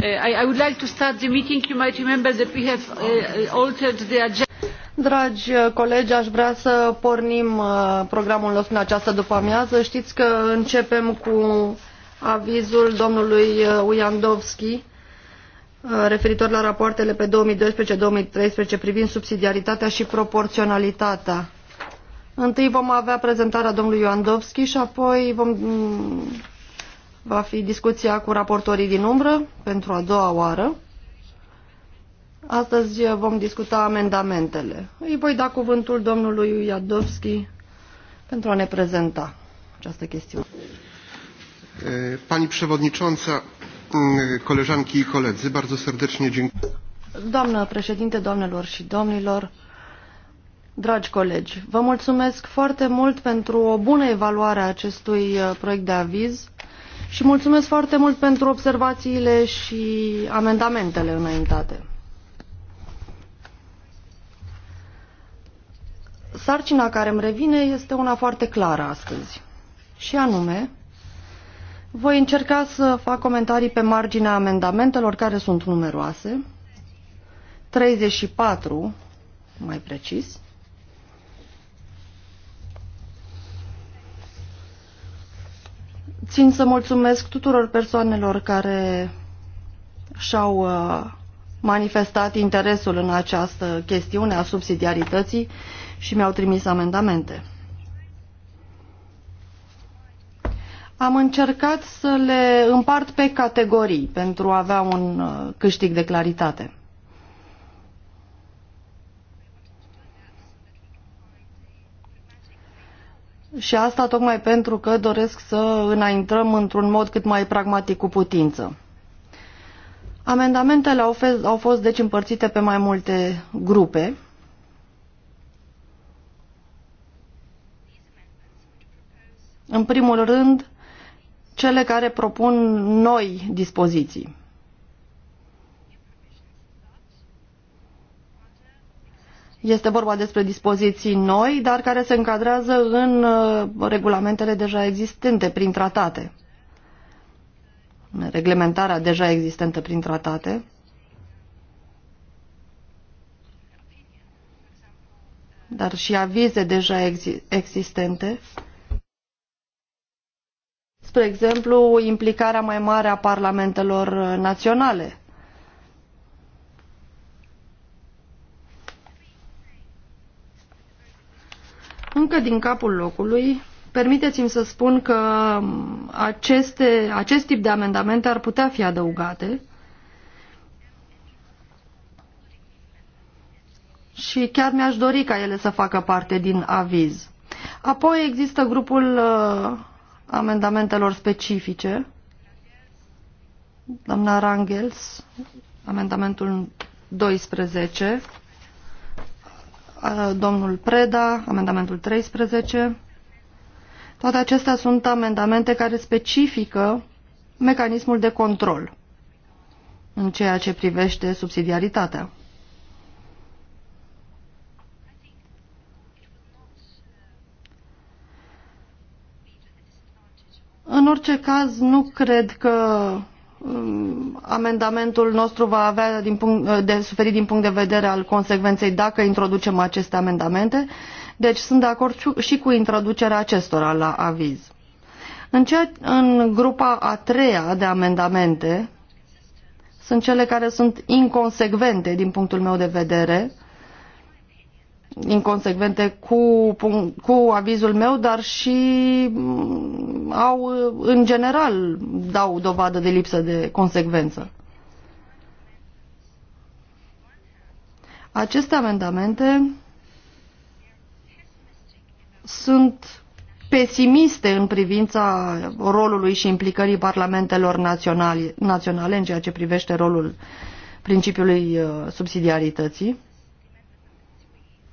Uh, I, would like to start the meeting. You might remember that we have uh, uh, altered the agenda. Dragi colegi, aș vrea să pornim programul nostru în această după-amiază. Știți că începem cu avizul domnului Ujandovski referitor la rapoartele pe 2012-2013 privind subsidiaritatea și proporționalitatea. Întâi vom avea prezentarea domnului Ioandovski și apoi vom mm, va fi discuția cu raportorii din umbră pentru a doua oară. Astăzi vom discuta amendamentele. Îi voi da cuvântul domnului Iadovski pentru a ne prezenta această chestiune. Pani przewodnicząca, koleżanki i koledzy, bardzo serdecznie dziękuję. Doamnă președinte, doamnelor și domnilor, Dragi colegi, vă mulțumesc foarte mult pentru o bună evaluare a acestui proiect de aviz și mulțumesc foarte mult pentru observațiile și amendamentele înaintate. Sarcina care îmi revine este una foarte clară astăzi și anume voi încerca să fac comentarii pe marginea amendamentelor care sunt numeroase, 34 mai precis, Țin să mulțumesc tuturor persoanelor care și-au uh, manifestat interesul în această chestiune a subsidiarității și mi-au trimis amendamente. Am încercat să le împart pe categorii pentru a avea un uh, câștig de claritate. Și asta tocmai pentru că doresc să înaintăm într-un mod cât mai pragmatic cu putință. Amendamentele au, fez, au fost deci împărțite pe mai multe grupe. În primul rând, cele care propun noi dispoziții. Este vorba despre dispoziții noi, dar care se încadrează în uh, regulamentele deja existente prin tratate. Reglementarea deja existentă prin tratate. Dar și avize deja existente. Spre exemplu, implicarea mai mare a parlamentelor uh, naționale Încă din capul locului, permiteți-mi să spun că aceste, acest tip de amendamente ar putea fi adăugate și chiar mi-aș dori ca ele să facă parte din aviz. Apoi există grupul uh, amendamentelor specifice. Doamna Rangels, amendamentul 12 domnul Preda, amendamentul 13. Toate acestea sunt amendamente care specifică mecanismul de control în ceea ce privește subsidiaritatea. În orice caz, nu cred că Um, amendamentul nostru va avea din punct, uh, de suferit din punct de vedere al consecvenței dacă introducem aceste amendamente, deci sunt de acord și cu introducerea acestora la aviz. În, ce, în grupa a treia de amendamente sunt cele care sunt inconsecvente din punctul meu de vedere, uh, inconsecvente cu, cu avizul meu, dar și mm, au, în general, dau dovadă de lipsă de consecvență. Aceste amendamente sunt pesimiste în privința rolului și implicării parlamentelor naționale, naționale în ceea ce privește rolul principiului uh, subsidiarității.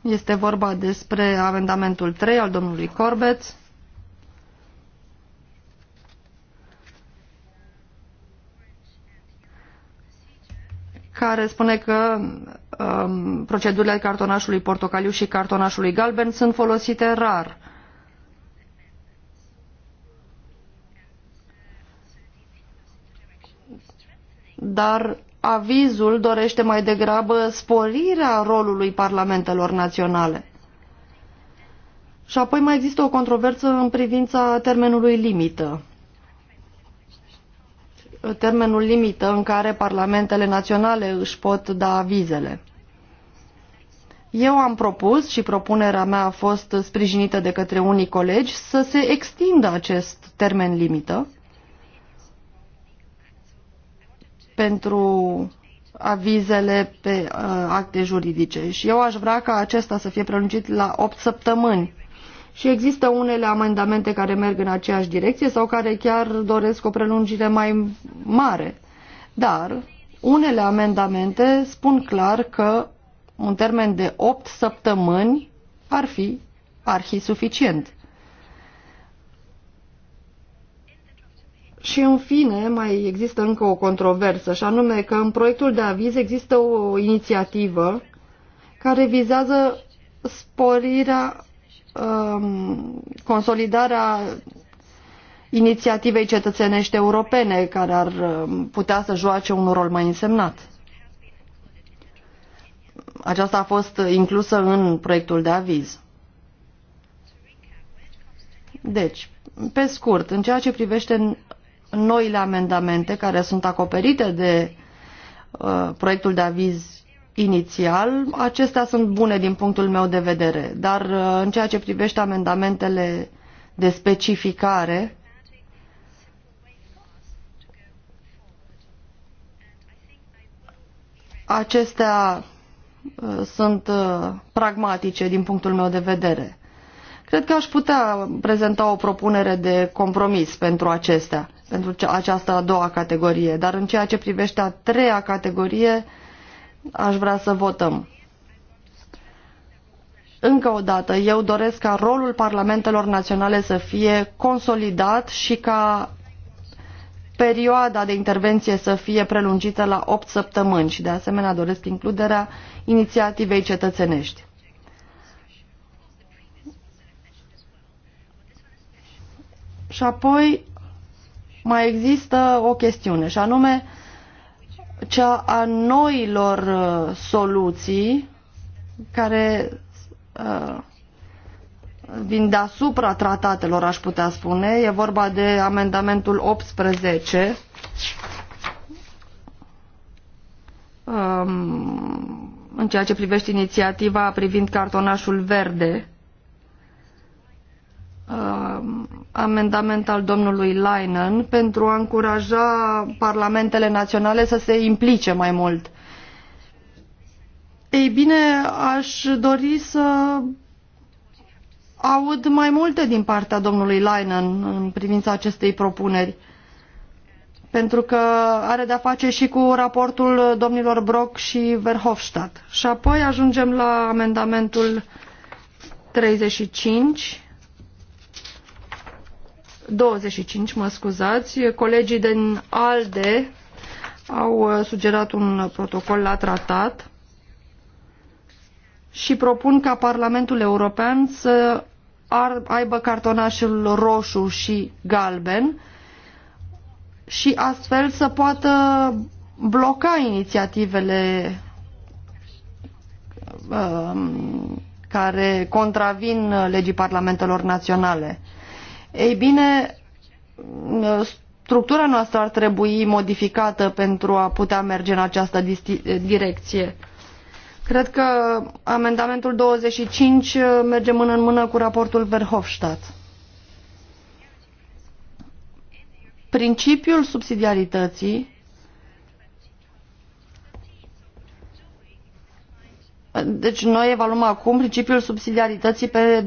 Este vorba despre amendamentul 3 al domnului Corbett. care spune că um, procedurile cartonașului portocaliu și cartonașului galben sunt folosite rar. Dar avizul dorește mai degrabă sporirea rolului parlamentelor naționale. Și apoi mai există o controversă în privința termenului limită. Termenul limită în care parlamentele naționale își pot da avizele. Eu am propus și propunerea mea a fost sprijinită de către unii colegi să se extindă acest termen limită pentru avizele pe uh, acte juridice și eu aș vrea ca acesta să fie prelungit la 8 săptămâni. Și există unele amendamente care merg în aceeași direcție sau care chiar doresc o prelungire mai mare. Dar unele amendamente spun clar că un termen de 8 săptămâni ar fi arhi suficient. Și în fine, mai există încă o controversă, și anume că în proiectul de aviz există o inițiativă care vizează sporirea, um, consolidarea inițiativei cetățenești europene, care ar um, putea să joace un rol mai însemnat. Aceasta a fost inclusă în proiectul de aviz. Deci, pe scurt, în ceea ce privește noile amendamente care sunt acoperite de uh, proiectul de aviz inițial, acestea sunt bune din punctul meu de vedere, dar uh, în ceea ce privește amendamentele de specificare, acestea uh, sunt pragmatice din punctul meu de vedere. Cred că aș putea prezenta o propunere de compromis pentru acestea, pentru această a doua categorie, dar în ceea ce privește a treia categorie, aș vrea să votăm. Încă o dată, eu doresc ca rolul parlamentelor naționale să fie consolidat și ca perioada de intervenție să fie prelungită la 8 săptămâni și de asemenea doresc includerea inițiativei cetățenești. Și apoi mai există o chestiune, și anume cea a noilor uh, soluții care uh, vin deasupra tratatelor, aș putea spune. E vorba de amendamentul 18 um, în ceea ce privește inițiativa privind cartonașul verde amendament al domnului Leinen pentru a încuraja parlamentele naționale să se implice mai mult. Ei bine, aș dori să aud mai multe din partea domnului Leinen în privința acestei propuneri, pentru că are de-a face și cu raportul domnilor Brock și Verhofstadt. Și apoi ajungem la amendamentul 35 25, mă scuzați. Colegii din ALDE au uh, sugerat un protocol la tratat și propun ca Parlamentul European să ar, aibă cartonașul roșu și galben și astfel să poată bloca inițiativele um, care contravin legii parlamentelor naționale. Ei bine, structura noastră ar trebui modificată pentru a putea merge în această direcție. Cred că amendamentul 25 merge mână în mână cu raportul Verhofstadt. Principiul subsidiarității Deci noi evaluăm acum principiul subsidiarității pe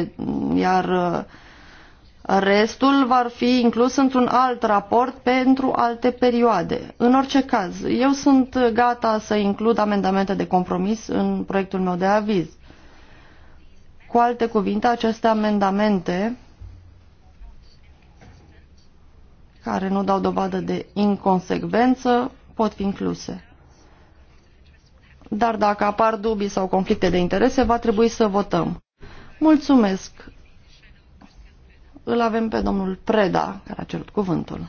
2012-2013, iar uh, restul va fi inclus într-un alt raport pentru alte perioade. În orice caz, eu sunt gata să includ amendamente de compromis în proiectul meu de aviz. Cu alte cuvinte, aceste amendamente care nu dau dovadă de inconsecvență pot fi incluse. Dar dacă apar dubii sau conflicte de interese, va trebui să votăm. Mulțumesc! Îl avem pe domnul Preda, care a cerut cuvântul.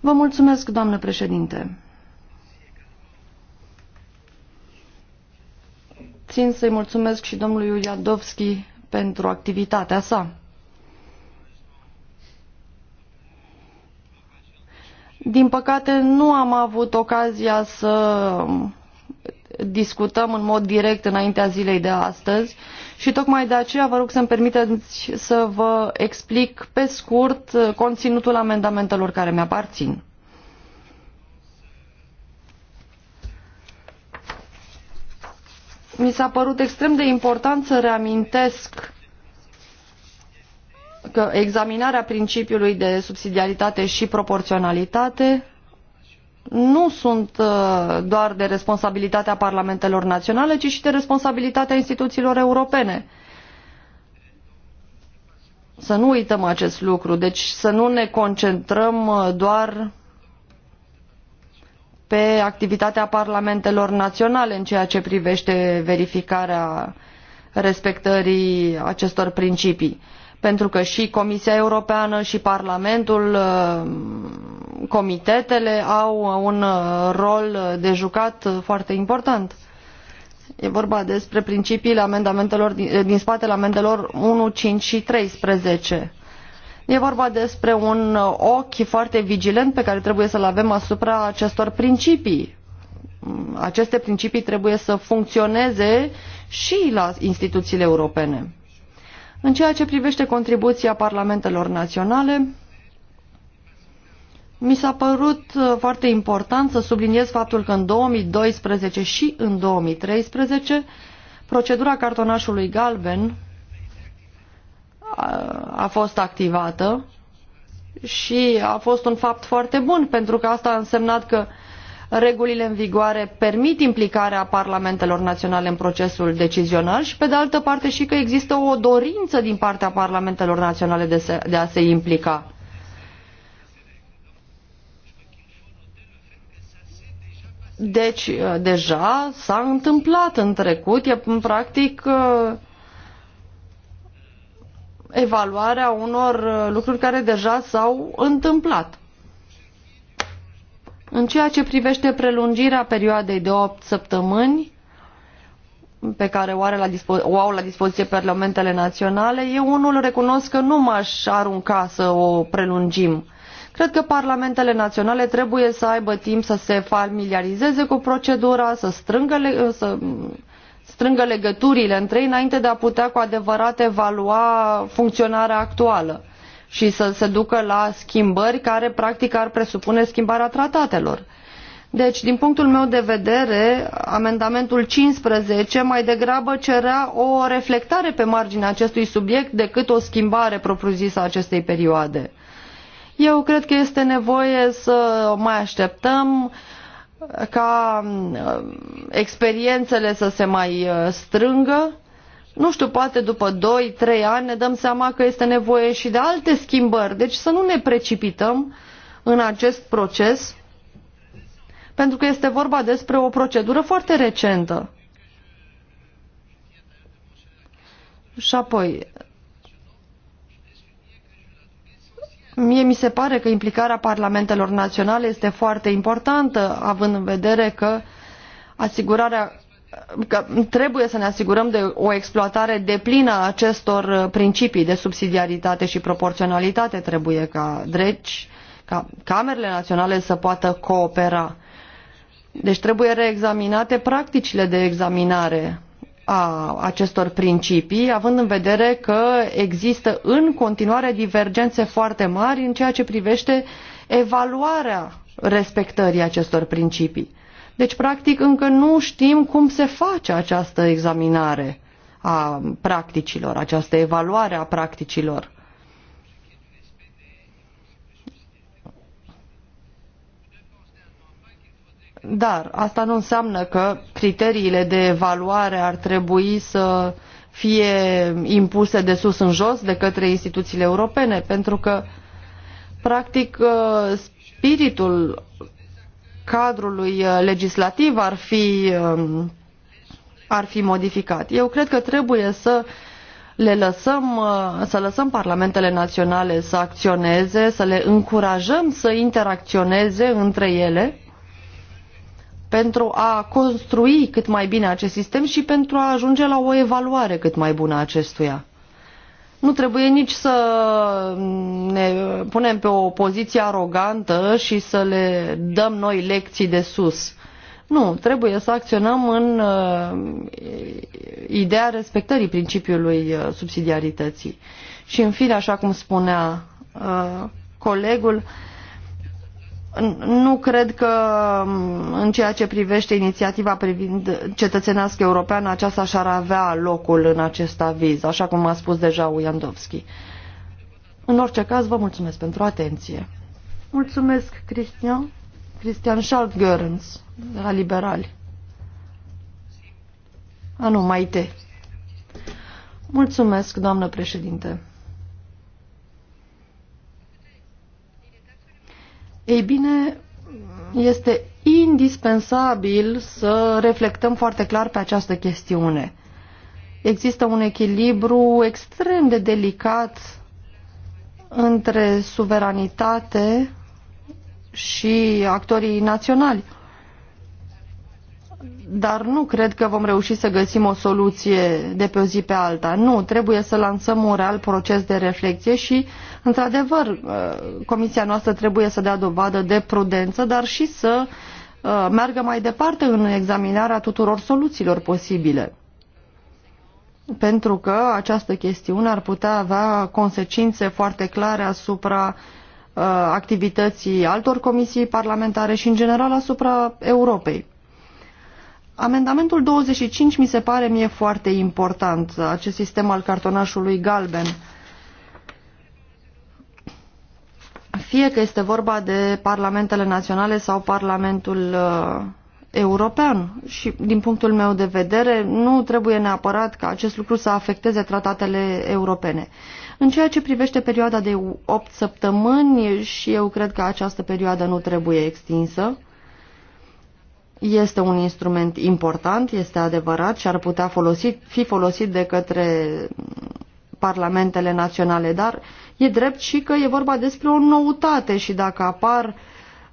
Vă mulțumesc, doamnă președinte. Țin să-i mulțumesc și domnului Iadovski pentru activitatea sa. Din păcate nu am avut ocazia să discutăm în mod direct înaintea zilei de astăzi și tocmai de aceea vă rog să-mi permiteți să vă explic pe scurt conținutul amendamentelor care mi-aparțin. Mi s-a părut extrem de important să reamintesc că examinarea principiului de subsidiaritate și proporționalitate nu sunt uh, doar de responsabilitatea parlamentelor naționale, ci și de responsabilitatea instituțiilor europene. Să nu uităm acest lucru, deci să nu ne concentrăm uh, doar pe activitatea parlamentelor naționale în ceea ce privește verificarea respectării acestor principii pentru că și Comisia Europeană și Parlamentul, uh, comitetele au un uh, rol de jucat foarte important. E vorba despre principiile amendamentelor din eh, spatele amendelor 1, 5 și 13. E vorba despre un ochi foarte vigilent pe care trebuie să-l avem asupra acestor principii. Aceste principii trebuie să funcționeze și la instituțiile europene. În ceea ce privește contribuția parlamentelor naționale, mi s-a părut uh, foarte important să subliniez faptul că în 2012 și în 2013 procedura cartonașului galben uh, a fost activată și a fost un fapt foarte bun pentru că asta a însemnat că regulile în vigoare permit implicarea parlamentelor naționale în procesul decizional și pe de altă parte și că există o dorință din partea parlamentelor naționale de, se, de a se implica. Deci, uh, deja s-a întâmplat în trecut, e practic uh, evaluarea unor uh, lucruri care deja s-au întâmplat. În ceea ce privește prelungirea perioadei de 8 săptămâni, pe care o, are la o au la dispoziție parlamentele naționale, eu unul recunosc că nu m-aș arunca să o prelungim. Cred că parlamentele naționale trebuie să aibă timp să se familiarizeze cu procedura, să strângă, le să strângă legăturile între ei înainte de a putea cu adevărat evalua funcționarea actuală și să se ducă la schimbări care practic ar presupune schimbarea tratatelor. Deci, din punctul meu de vedere, amendamentul 15 mai degrabă cerea o reflectare pe marginea acestui subiect decât o schimbare propriu-zisă a acestei perioade. Eu cred că este nevoie să mai așteptăm ca uh, experiențele să se mai uh, strângă nu știu, poate după 2-3 ani ne dăm seama că este nevoie și de alte schimbări. Deci să nu ne precipităm în acest proces, pentru că este vorba despre o procedură foarte recentă. Și apoi, mie mi se pare că implicarea parlamentelor naționale este foarte importantă, având în vedere că asigurarea că trebuie să ne asigurăm de o exploatare deplină a acestor principii de subsidiaritate și proporționalitate. Trebuie ca dreci, ca camerele naționale să poată coopera. Deci trebuie reexaminate practicile de examinare a acestor principii, având în vedere că există în continuare divergențe foarte mari în ceea ce privește evaluarea respectării acestor principii. Deci, practic, încă nu știm cum se face această examinare a practicilor, această evaluare a practicilor. Dar asta nu înseamnă că criteriile de evaluare ar trebui să fie impuse de sus în jos de către instituțiile europene, pentru că, practic, spiritul cadrului uh, legislativ ar fi, um, ar fi modificat. Eu cred că trebuie să le lăsăm, uh, să lăsăm parlamentele naționale să acționeze, să le încurajăm să interacționeze între ele pentru a construi cât mai bine acest sistem și pentru a ajunge la o evaluare cât mai bună acestuia. Nu trebuie nici să ne punem pe o poziție arogantă și să le dăm noi lecții de sus. Nu, trebuie să acționăm în uh, ideea respectării principiului uh, subsidiarității. Și în fine, așa cum spunea uh, colegul, uh, nu cred că în ceea ce privește inițiativa privind cetățenească europeană, aceasta și-ar avea locul în acest aviz, așa cum a spus deja Ujandovski. În orice caz, vă mulțumesc pentru atenție. Mulțumesc, Cristian. Cristian Schaltgörens, de la Liberali. A, nu, Maite. Mulțumesc, doamnă președinte. Ei bine, este indispensabil să reflectăm foarte clar pe această chestiune. Există un echilibru extrem de delicat între suveranitate și actorii naționali dar nu cred că vom reuși să găsim o soluție de pe o zi pe alta. Nu, trebuie să lansăm un real proces de reflexie și, într-adevăr, uh, comisia noastră trebuie să dea dovadă de prudență, dar și să uh, meargă mai departe în examinarea tuturor soluțiilor posibile. Pentru că această chestiune ar putea avea consecințe foarte clare asupra uh, activității altor comisii parlamentare și, în general, asupra Europei. Amendamentul 25 mi se pare mie foarte important, acest sistem al cartonașului galben. Fie că este vorba de parlamentele naționale sau parlamentul uh, european și, din punctul meu de vedere, nu trebuie neapărat ca acest lucru să afecteze tratatele europene. În ceea ce privește perioada de 8 săptămâni și eu cred că această perioadă nu trebuie extinsă, este un instrument important, este adevărat și ar putea folosi, fi folosit de către parlamentele naționale, dar e drept și că e vorba despre o noutate și dacă apar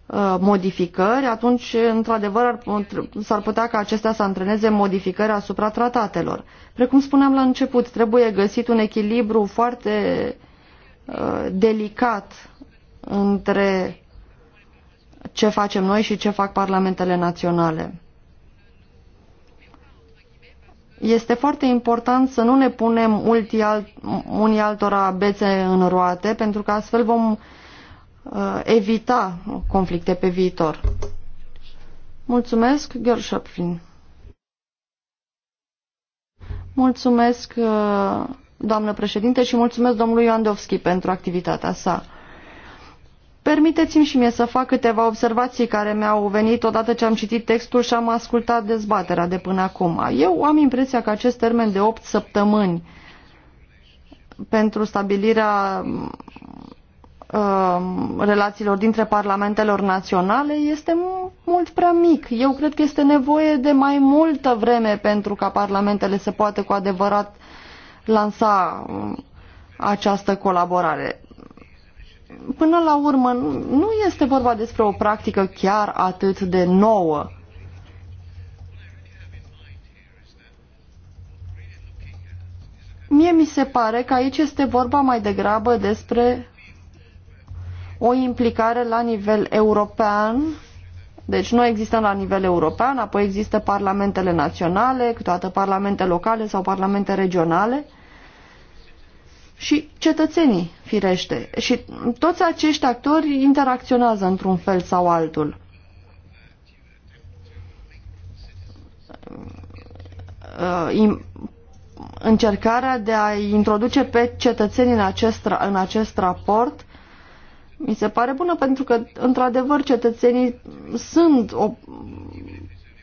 uh, modificări, atunci, într-adevăr, s-ar putea ca acestea să antreneze modificări asupra tratatelor. Precum spuneam la început, trebuie găsit un echilibru foarte uh, delicat între ce facem noi și ce fac parlamentele naționale. Este foarte important să nu ne punem ultii alt, unii altora bețe în roate, pentru că astfel vom uh, evita conflicte pe viitor. Mulțumesc, Gershapfin. Mulțumesc, uh, doamnă președinte, și mulțumesc domnului Iandovski pentru activitatea sa. Permiteți-mi și mie să fac câteva observații care mi-au venit odată ce am citit textul și am ascultat dezbaterea de până acum. Eu am impresia că acest termen de 8 săptămâni pentru stabilirea um, relațiilor dintre parlamentelor naționale este mult prea mic. Eu cred că este nevoie de mai multă vreme pentru ca parlamentele să poată cu adevărat lansa um, această colaborare până la urmă, nu este vorba despre o practică chiar atât de nouă. Mie mi se pare că aici este vorba mai degrabă despre o implicare la nivel european. Deci noi existăm la nivel european, apoi există parlamentele naționale, toate parlamente locale sau parlamente regionale și cetățenii, firește. Și toți acești actori interacționează într-un fel sau altul. Uh, încercarea de a introduce pe cetățenii în acest, în acest raport mi se pare bună pentru că, într-adevăr, cetățenii sunt o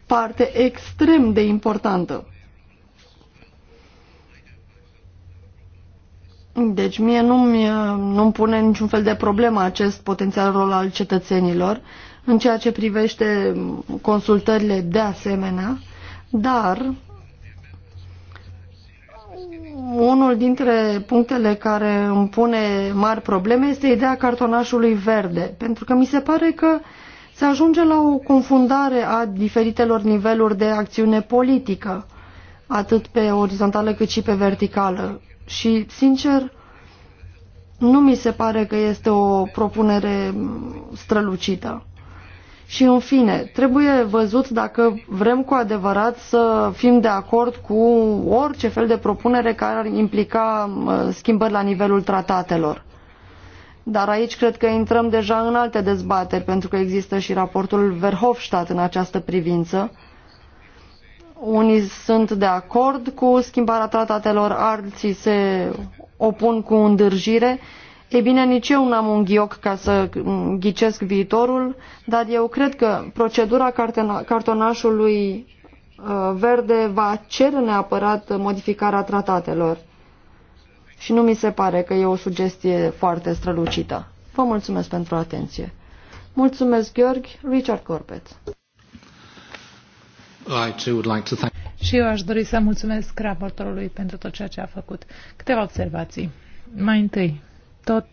parte extrem de importantă. Deci mie nu-mi nu pune niciun fel de problemă acest potențial rol al cetățenilor în ceea ce privește consultările de asemenea, dar unul dintre punctele care îmi pune mari probleme este ideea cartonașului verde, pentru că mi se pare că se ajunge la o confundare a diferitelor niveluri de acțiune politică, atât pe orizontală cât și pe verticală. Și, sincer, nu mi se pare că este o propunere strălucită. Și, în fine, trebuie văzut dacă vrem cu adevărat să fim de acord cu orice fel de propunere care ar implica schimbări la nivelul tratatelor. Dar aici cred că intrăm deja în alte dezbateri, pentru că există și raportul Verhofstadt în această privință, unii sunt de acord cu schimbarea tratatelor, alții se opun cu îndârjire. Ei bine, nici eu n-am un ghioc ca să ghicesc viitorul, dar eu cred că procedura cartonașului uh, verde va cere neapărat modificarea tratatelor. Și nu mi se pare că e o sugestie foarte strălucită. Vă mulțumesc pentru atenție. Mulțumesc, Gheorghe. Richard Corbett. Și eu aș dori să mulțumesc raportorului pentru tot ceea ce a făcut. Câteva observații. Mai întâi, tot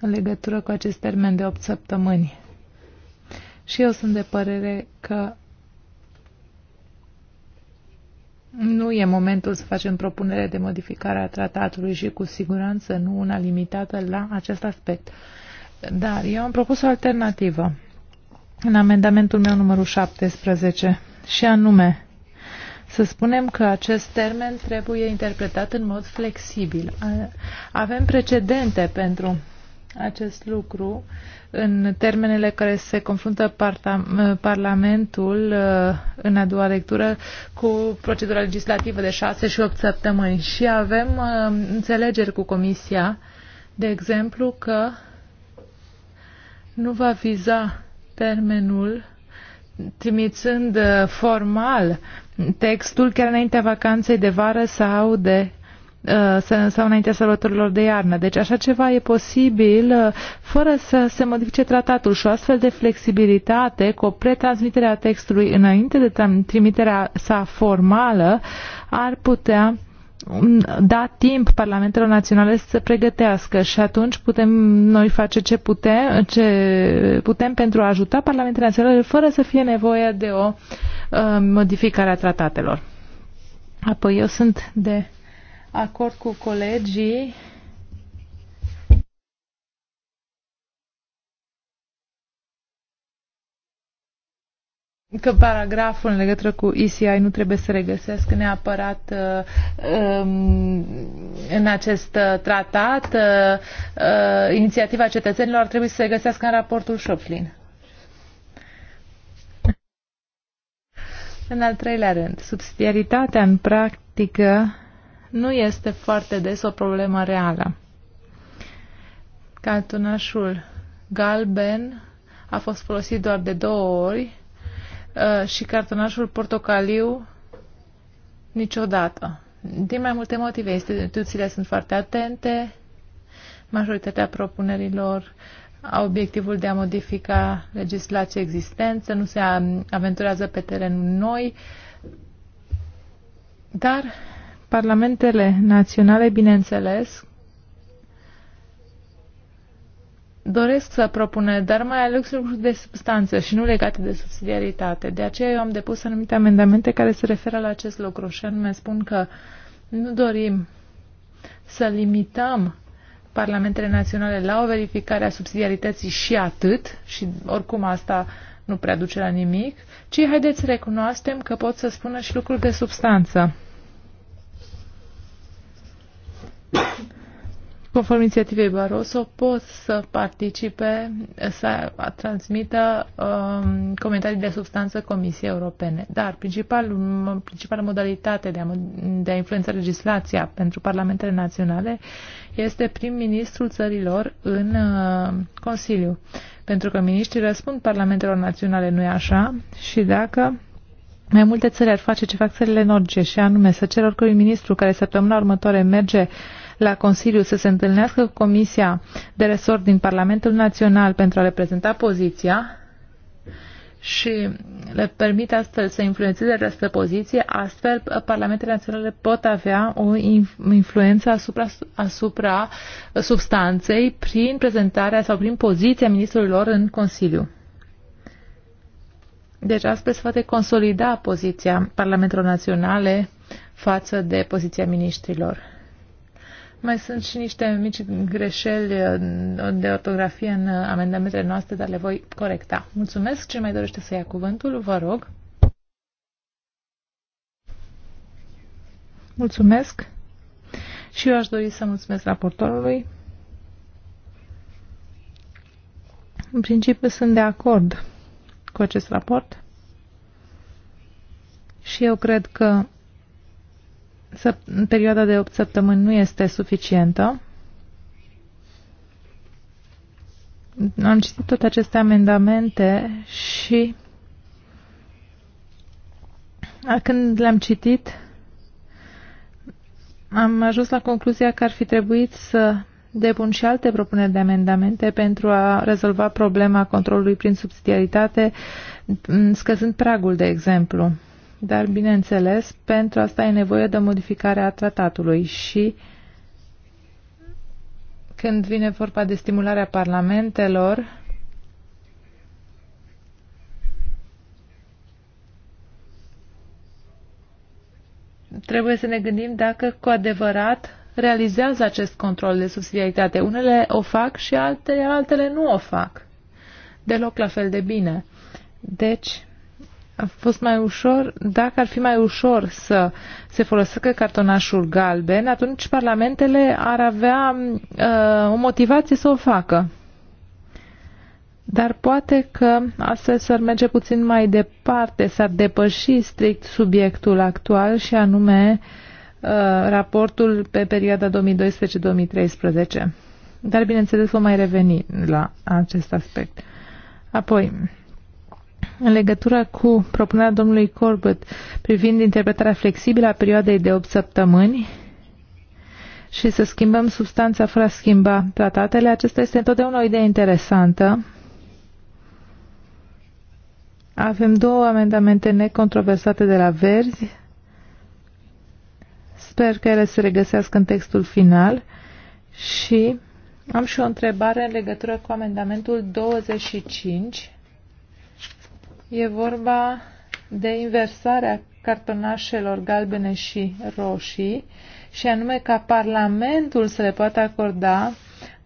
în legătură cu acest termen de 8 săptămâni. Și eu sunt de părere că nu e momentul să facem propunere de modificare a tratatului și cu siguranță nu una limitată la acest aspect. Dar eu am propus o alternativă în amendamentul meu numărul 17 și anume să spunem că acest termen trebuie interpretat în mod flexibil. Avem precedente pentru acest lucru în termenele care se confruntă Parlamentul uh, în a doua lectură cu procedura legislativă de 6 și 8 săptămâni și avem uh, înțelegeri cu Comisia, de exemplu, că nu va viza termenul trimițând uh, formal textul chiar înaintea vacanței de vară sau de uh, sau înaintea sărbătorilor de iarnă. Deci așa ceva e posibil uh, fără să se modifice tratatul și o astfel de flexibilitate cu o pretransmitere a textului înainte de trimiterea sa formală ar putea da timp parlamentelor naționale să se pregătească și atunci putem noi face ce putem, ce putem pentru a ajuta parlamentele naționale fără să fie nevoie de o uh, modificare a tratatelor. Apoi eu sunt de acord cu colegii că paragraful în legătură cu ECI nu trebuie să regăsească neapărat uh, um, în acest uh, tratat. Uh, uh, inițiativa cetățenilor ar trebui să se găsească în raportul Șoplin. În al treilea rând, subsidiaritatea în practică nu este foarte des o problemă reală. Cantonașul galben a fost folosit doar de două ori Uh, și cartonașul portocaliu niciodată. Din mai multe motive, instituțiile sunt foarte atente, majoritatea propunerilor au obiectivul de a modifica legislația existență, nu se aventurează pe terenul noi, dar parlamentele naționale, bineînțeles, doresc să propune, dar mai ales lucruri de substanță și nu legate de subsidiaritate. De aceea eu am depus anumite amendamente care se referă la acest lucru și anume spun că nu dorim să limităm parlamentele naționale la o verificare a subsidiarității și atât, și oricum asta nu prea duce la nimic, ci haideți să recunoaștem că pot să spună și lucruri de substanță conform inițiativei Barroso, pot să participe, să transmită um, comentarii de substanță Comisiei Europene. Dar principalul, principala modalitate de a, de a influența legislația pentru parlamentele naționale este prim-ministrul țărilor în uh, Consiliu. Pentru că miniștrii răspund parlamentelor naționale, nu e așa? Și dacă mai multe țări ar face ce fac țările nordice, și anume să cer oricui ministru care săptămâna următoare merge uh, la Consiliu să se întâlnească cu Comisia de Resort din Parlamentul Național pentru a reprezenta prezenta poziția și le permite astfel să influențeze această poziție, astfel Parlamentele Naționale pot avea o influență asupra, asupra substanței prin prezentarea sau prin poziția ministrilor în Consiliu. Deci astfel se poate consolida poziția Parlamentelor Naționale față de poziția ministrilor. Mai sunt și niște mici greșeli uh, de ortografie în amendamentele noastre, dar le voi corecta. Mulțumesc. ce mai dorește să ia cuvântul, vă rog. Mulțumesc. Și eu aș dori să mulțumesc raportorului. În principiu sunt de acord cu acest raport și eu cred că perioada de 8 săptămâni nu este suficientă. Am citit toate aceste amendamente și când le-am citit, am ajuns la concluzia că ar fi trebuit să depun și alte propuneri de amendamente pentru a rezolva problema controlului prin subsidiaritate, scăzând pragul, de exemplu dar, bineînțeles, pentru asta e nevoie de modificarea tratatului și când vine vorba de stimularea parlamentelor, trebuie să ne gândim dacă cu adevărat realizează acest control de subsidiaritate. Unele o fac și alte, altele nu o fac. Deloc la fel de bine. Deci, a fost mai ușor, dacă ar fi mai ușor să se folosească cartonașul galben, atunci parlamentele ar avea uh, o motivație să o facă. Dar poate că astfel s-ar merge puțin mai departe, s-ar depăși strict subiectul actual și anume uh, raportul pe perioada 2012-2013. Dar bineînțeles vom mai reveni la acest aspect. Apoi, în legătură cu propunerea domnului Corbett privind interpretarea flexibilă a perioadei de 8 săptămâni și să schimbăm substanța fără a schimba tratatele, acesta este întotdeauna o idee interesantă. Avem două amendamente necontroversate de la Verzi. Sper că ele se regăsească în textul final și am și o întrebare în legătură cu amendamentul 25 E vorba de inversarea cartonașelor galbene și roșii și anume ca Parlamentul să le poată acorda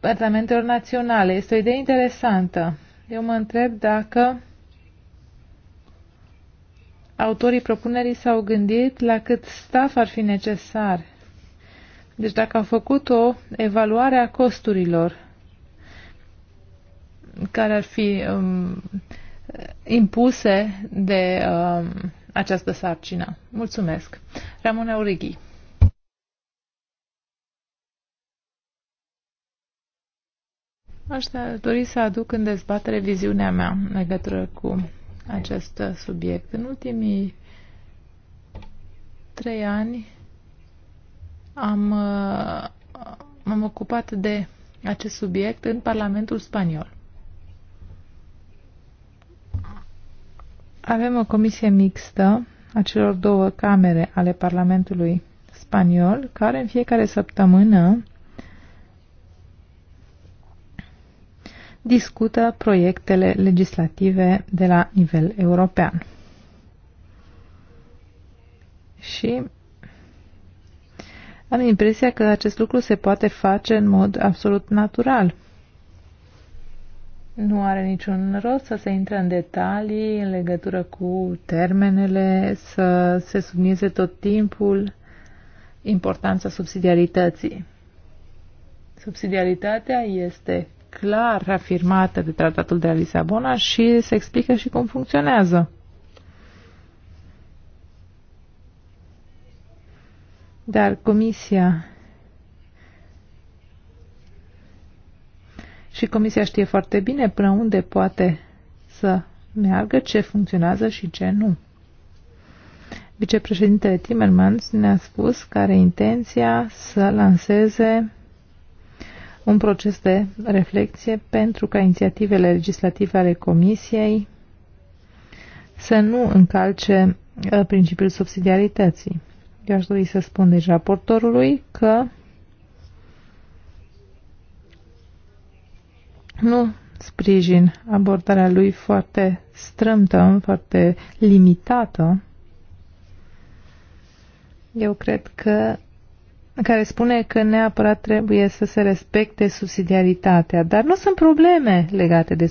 Parlamentelor Naționale. Este o idee interesantă. Eu mă întreb dacă autorii propunerii s-au gândit la cât staff ar fi necesar. Deci dacă au făcut o evaluare a costurilor care ar fi um, impuse de uh, această sarcină. Mulțumesc. Ramona Urighi. Aș dori să aduc în dezbatere viziunea mea în legătură cu acest subiect. În ultimii trei ani am, uh, m-am ocupat de acest subiect în Parlamentul Spaniol. Avem o comisie mixtă a celor două camere ale Parlamentului spaniol, care în fiecare săptămână discută proiectele legislative de la nivel european. Și am impresia că acest lucru se poate face în mod absolut natural nu are niciun rost să se intre în detalii în legătură cu termenele, să se sublinieze tot timpul importanța subsidiarității. Subsidiaritatea este clar afirmată de Tratatul de la Lisabona și se explică și cum funcționează. Dar Comisia și Comisia știe foarte bine până unde poate să meargă, ce funcționează și ce nu. Vicepreședintele Timmermans ne-a spus că are intenția să lanseze un proces de reflexie pentru ca inițiativele legislative ale Comisiei să nu încalce uh, principiul subsidiarității. Eu aș dori să spun deci raportorului că Nu sprijin abordarea lui foarte strâmtă, foarte limitată. Eu cred că care spune că neapărat trebuie să se respecte subsidiaritatea, dar nu sunt probleme legate de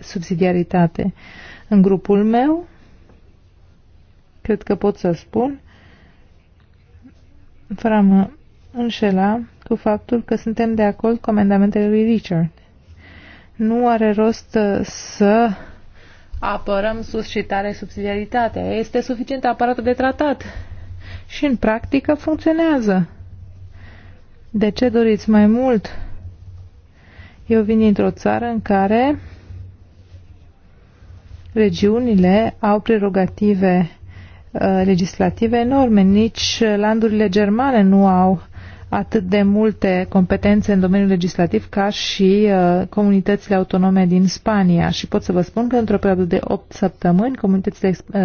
subsidiaritate. În grupul meu, cred că pot să spun, fără a mă înșela cu faptul că suntem de acord cu amendamentele lui Richard nu are rost uh, să apărăm sus și tare subsidiaritatea. Este suficient aparatul de tratat și în practică funcționează. De ce doriți mai mult? Eu vin dintr-o țară în care regiunile au prerogative uh, legislative enorme. Nici landurile germane nu au atât de multe competențe în domeniul legislativ ca și uh, comunitățile autonome din Spania. Și pot să vă spun că într-o perioadă de 8 săptămâni, comunitățile uh,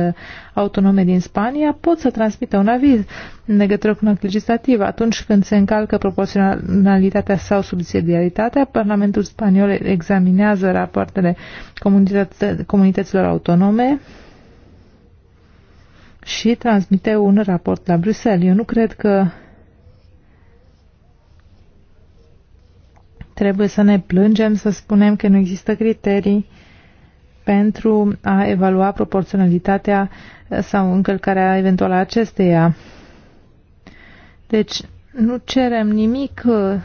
autonome din Spania pot să transmită un aviz în legătură cu un act legislativ. Atunci când se încalcă proporționalitatea sau subsidiaritatea, Parlamentul spaniol examinează rapoartele comunităț- comunităților autonome și transmite un raport la Bruxelles. Eu nu cred că Trebuie să ne plângem, să spunem că nu există criterii pentru a evalua proporționalitatea sau încălcarea eventuală a acesteia. Deci, nu cerem nimic uh,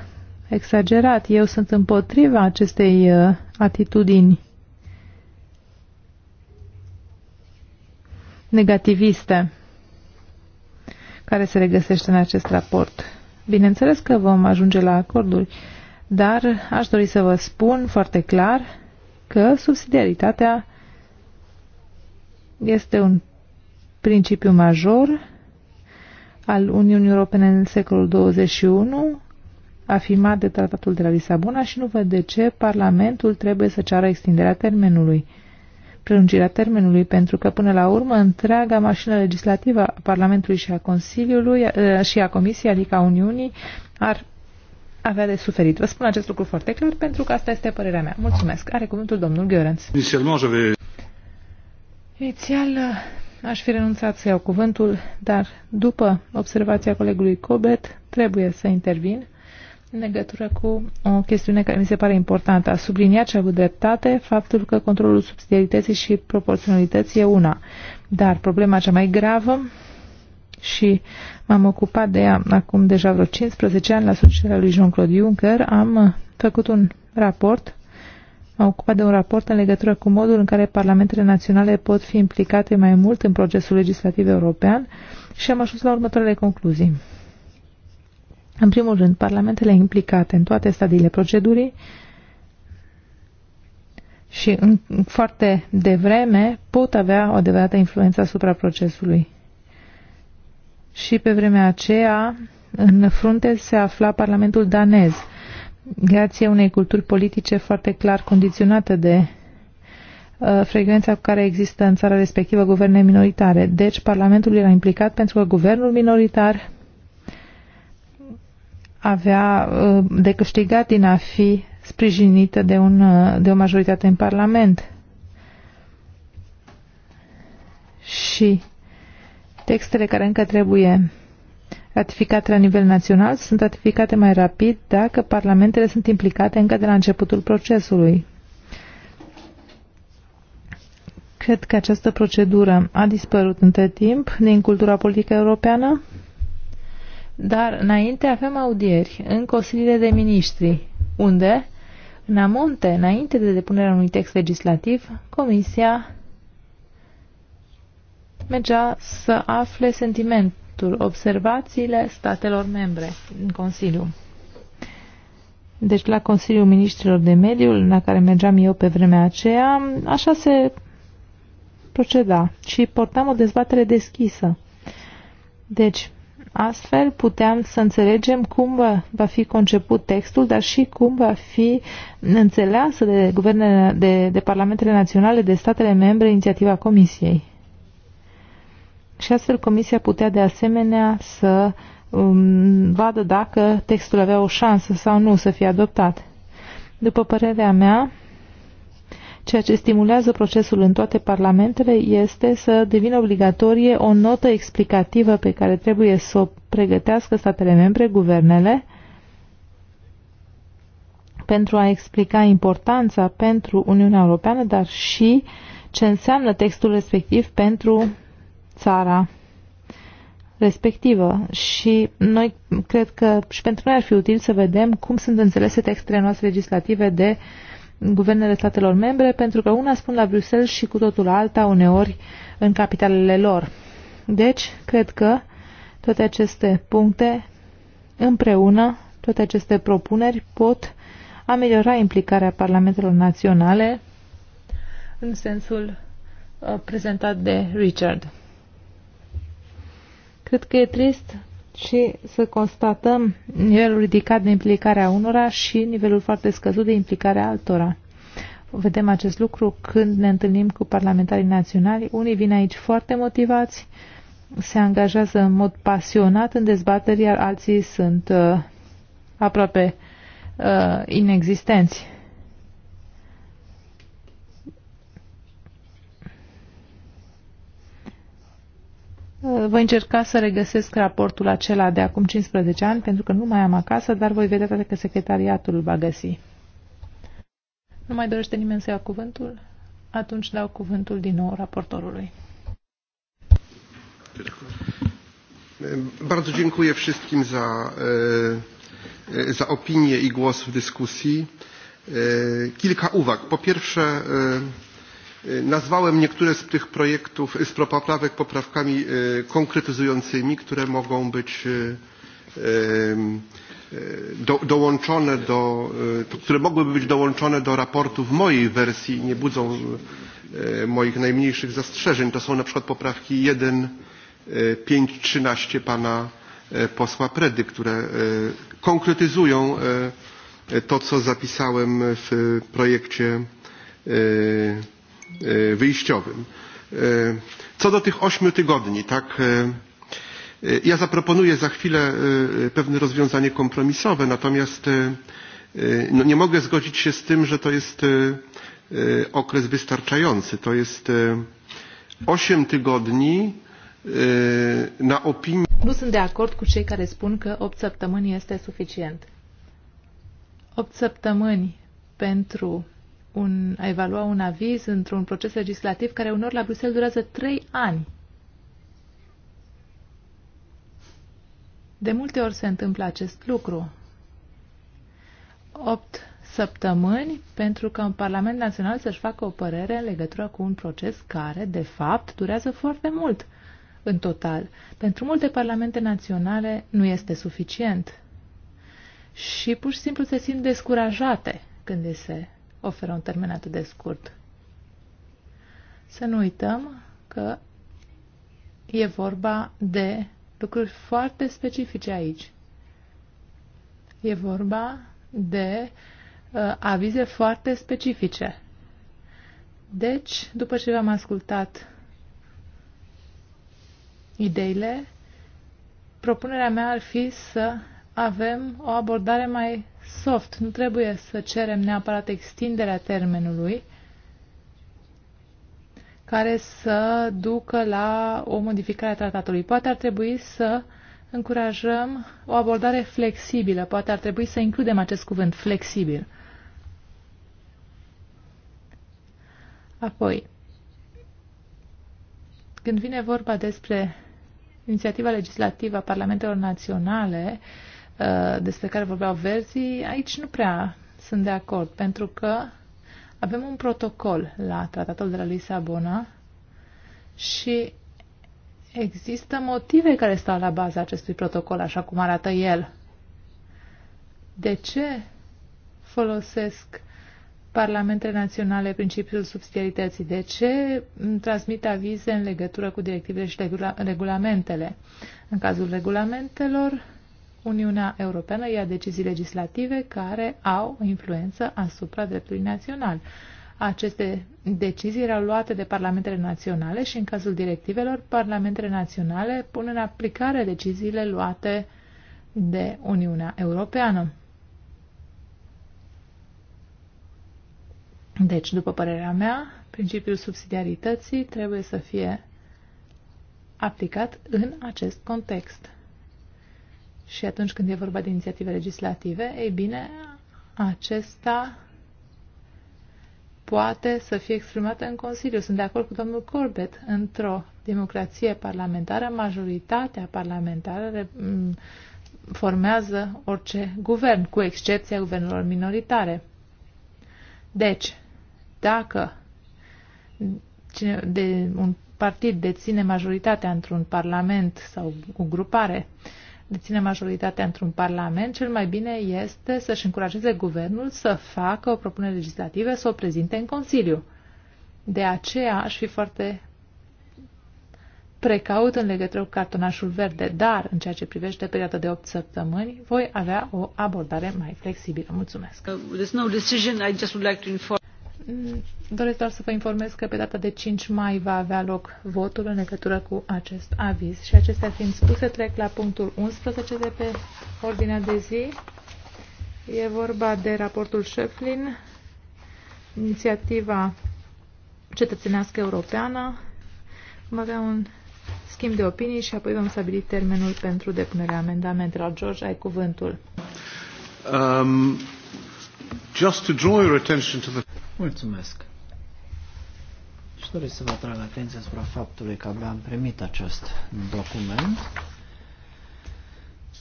exagerat. Eu sunt împotriva acestei uh, atitudini negativiste care se regăsește în acest raport. Bineînțeles că vom ajunge la acorduri dar aș dori să vă spun foarte clar că subsidiaritatea este un principiu major al Uniunii Europene în secolul 21, afirmat de Tratatul de la Lisabona și nu văd de ce Parlamentul trebuie să ceară extinderea termenului, prelungirea termenului, pentru că până la urmă întreaga mașină legislativă a Parlamentului și a Consiliului eh, și a Comisiei, adică a Uniunii, ar avea de suferit. Vă spun acest lucru foarte clar pentru că asta este părerea mea. Mulțumesc. Are cuvântul domnul Gheorenț. Inițial aș fi renunțat să iau cuvântul, dar după observația colegului Cobet trebuie să intervin în legătură cu o chestiune care mi se pare importantă. A subliniat și a avut dreptate faptul că controlul subsidiarității și proporționalității e una. Dar problema cea mai gravă și m-am ocupat de ea acum deja vreo 15 ani la solicitarea lui Jean-Claude Juncker. Am uh, făcut un raport, m-am ocupat de un raport în legătură cu modul în care parlamentele naționale pot fi implicate mai mult în procesul legislativ european și am ajuns la următoarele concluzii. În primul rând, parlamentele implicate în toate stadiile procedurii și în, foarte devreme pot avea o adevărată influență asupra procesului și pe vremea aceea în frunte se afla Parlamentul danez, grație unei culturi politice foarte clar condiționată de uh, frecvența cu care există în țara respectivă guverne minoritare. Deci Parlamentul era implicat pentru că guvernul minoritar avea uh, de câștigat din a fi sprijinită de, un, uh, de o majoritate în Parlament. Și Textele care încă trebuie ratificate la nivel național sunt ratificate mai rapid dacă parlamentele sunt implicate încă de la începutul procesului. Cred că această procedură a dispărut între timp din cultura politică europeană, dar înainte avem audieri în consiliile de miniștri, unde, în amonte, înainte de depunerea unui text legislativ, Comisia mergea să afle sentimentul, observațiile statelor membre în Consiliu. Deci la Consiliul Ministrilor de Mediu, la care mergeam eu pe vremea aceea, așa se proceda și portam o dezbatere deschisă. Deci, astfel puteam să înțelegem cum va fi conceput textul, dar și cum va fi înțeleasă de guvernele, de, de parlamentele naționale, de statele membre, inițiativa Comisiei. Și astfel Comisia putea de asemenea să um, vadă dacă textul avea o șansă sau nu să fie adoptat. După părerea mea, ceea ce stimulează procesul în toate parlamentele este să devină obligatorie o notă explicativă pe care trebuie să o pregătească statele membre, guvernele, pentru a explica importanța pentru Uniunea Europeană, dar și ce înseamnă textul respectiv pentru țara respectivă și noi cred că și pentru noi ar fi util să vedem cum sunt înțelese textele noastre legislative de guvernele statelor membre, pentru că una spun la Bruxelles și cu totul alta uneori în capitalele lor. Deci, cred că toate aceste puncte împreună, toate aceste propuneri pot ameliora implicarea parlamentelor naționale în sensul uh, prezentat de Richard. Cred că e trist și să constatăm nivelul ridicat de implicare a unora și nivelul foarte scăzut de implicare a altora. Vedem acest lucru când ne întâlnim cu parlamentarii naționali. Unii vin aici foarte motivați, se angajează în mod pasionat în dezbateri, iar alții sunt uh, aproape uh, inexistenți. Uh, voi încerca să regăsesc raportul acela de acum 15 ani, pentru că nu mai am acasă, dar voi vedea dacă secretariatul va găsi. Nu mai dorește nimeni să ia cuvântul? Atunci dau cuvântul din nou raportorului. Bardzo dziękuję wszystkim za, za opinie i głos w dyskusji. Kilka uwag. Po pierwsze, Nazwałem niektóre z tych projektów, z poprawek poprawkami konkretyzującymi, które mogą być do, dołączone do, które mogłyby być dołączone do raportu w mojej wersji i nie budzą moich najmniejszych zastrzeżeń. To są na przykład poprawki 1, 5, 13 pana posła Predy, które konkretyzują to, co zapisałem w projekcie wyjściowym. Co do tych ośmiu tygodni, tak, ja zaproponuję za chwilę pewne rozwiązanie kompromisowe, natomiast no nie mogę zgodzić się z tym, że to jest okres wystarczający. To jest osiem tygodni na opinię. Nu sunt de acord cu cei care spun că 8 săptămâni este suficient. 8 săptămâni pentru un, a evalua un aviz într-un proces legislativ care unor la Bruxelles durează trei ani. De multe ori se întâmplă acest lucru. Opt săptămâni pentru că un Parlament Național să-și facă o părere în legătură cu un proces care, de fapt, durează foarte mult în total. Pentru multe parlamente naționale nu este suficient. Și pur și simplu se simt descurajate când se oferă un termen atât de scurt. Să nu uităm că e vorba de lucruri foarte specifice aici. E vorba de uh, avize foarte specifice. Deci, după ce v-am ascultat ideile, propunerea mea ar fi să avem o abordare mai soft. Nu trebuie să cerem neapărat extinderea termenului care să ducă la o modificare a tratatului. Poate ar trebui să încurajăm o abordare flexibilă. Poate ar trebui să includem acest cuvânt, flexibil. Apoi, când vine vorba despre inițiativa legislativă a Parlamentelor Naționale Uh, despre care vorbeau verzii, aici nu prea sunt de acord, pentru că avem un protocol la tratatul de la Lisabona și există motive care stau la baza acestui protocol, așa cum arată el. De ce folosesc parlamentele naționale principiul subsidiarității? De ce transmit avize în legătură cu directivele și regula regulamentele? În cazul regulamentelor, Uniunea Europeană ia decizii legislative care au influență asupra dreptului național. Aceste decizii erau luate de parlamentele naționale și, în cazul directivelor, parlamentele naționale pun în aplicare deciziile luate de Uniunea Europeană. Deci, după părerea mea, principiul subsidiarității trebuie să fie aplicat în acest context și atunci când e vorba de inițiative legislative, ei bine, acesta poate să fie exprimată în Consiliu. Sunt de acord cu domnul Corbett. Într-o democrație parlamentară, majoritatea parlamentară formează orice guvern, cu excepția guvernelor minoritare. Deci, dacă cine, de un partid deține majoritatea într-un parlament sau o grupare, uh, deține majoritatea într-un parlament, cel mai bine este să-și încurajeze guvernul să facă o propunere legislativă, să o prezinte în Consiliu. De aceea aș fi foarte precaut în legătură cu cartonașul verde, dar în ceea ce privește perioada de 8 săptămâni, voi avea o abordare mai flexibilă. Mulțumesc. Uh, Doresc doar să vă informez că pe data de 5 mai va avea loc votul în legătură cu acest aviz. Și acestea fiind spuse, trec la punctul 11 de pe ordinea de zi. E vorba de raportul Șeflin, inițiativa cetățenească europeană. Vom avea un schimb de opinii și apoi vom stabili termenul pentru depunerea amendamentelor. George, ai cuvântul. Um, just to draw your attention to the... Mulțumesc dori să vă atrag atenția asupra faptului că abia am primit acest document,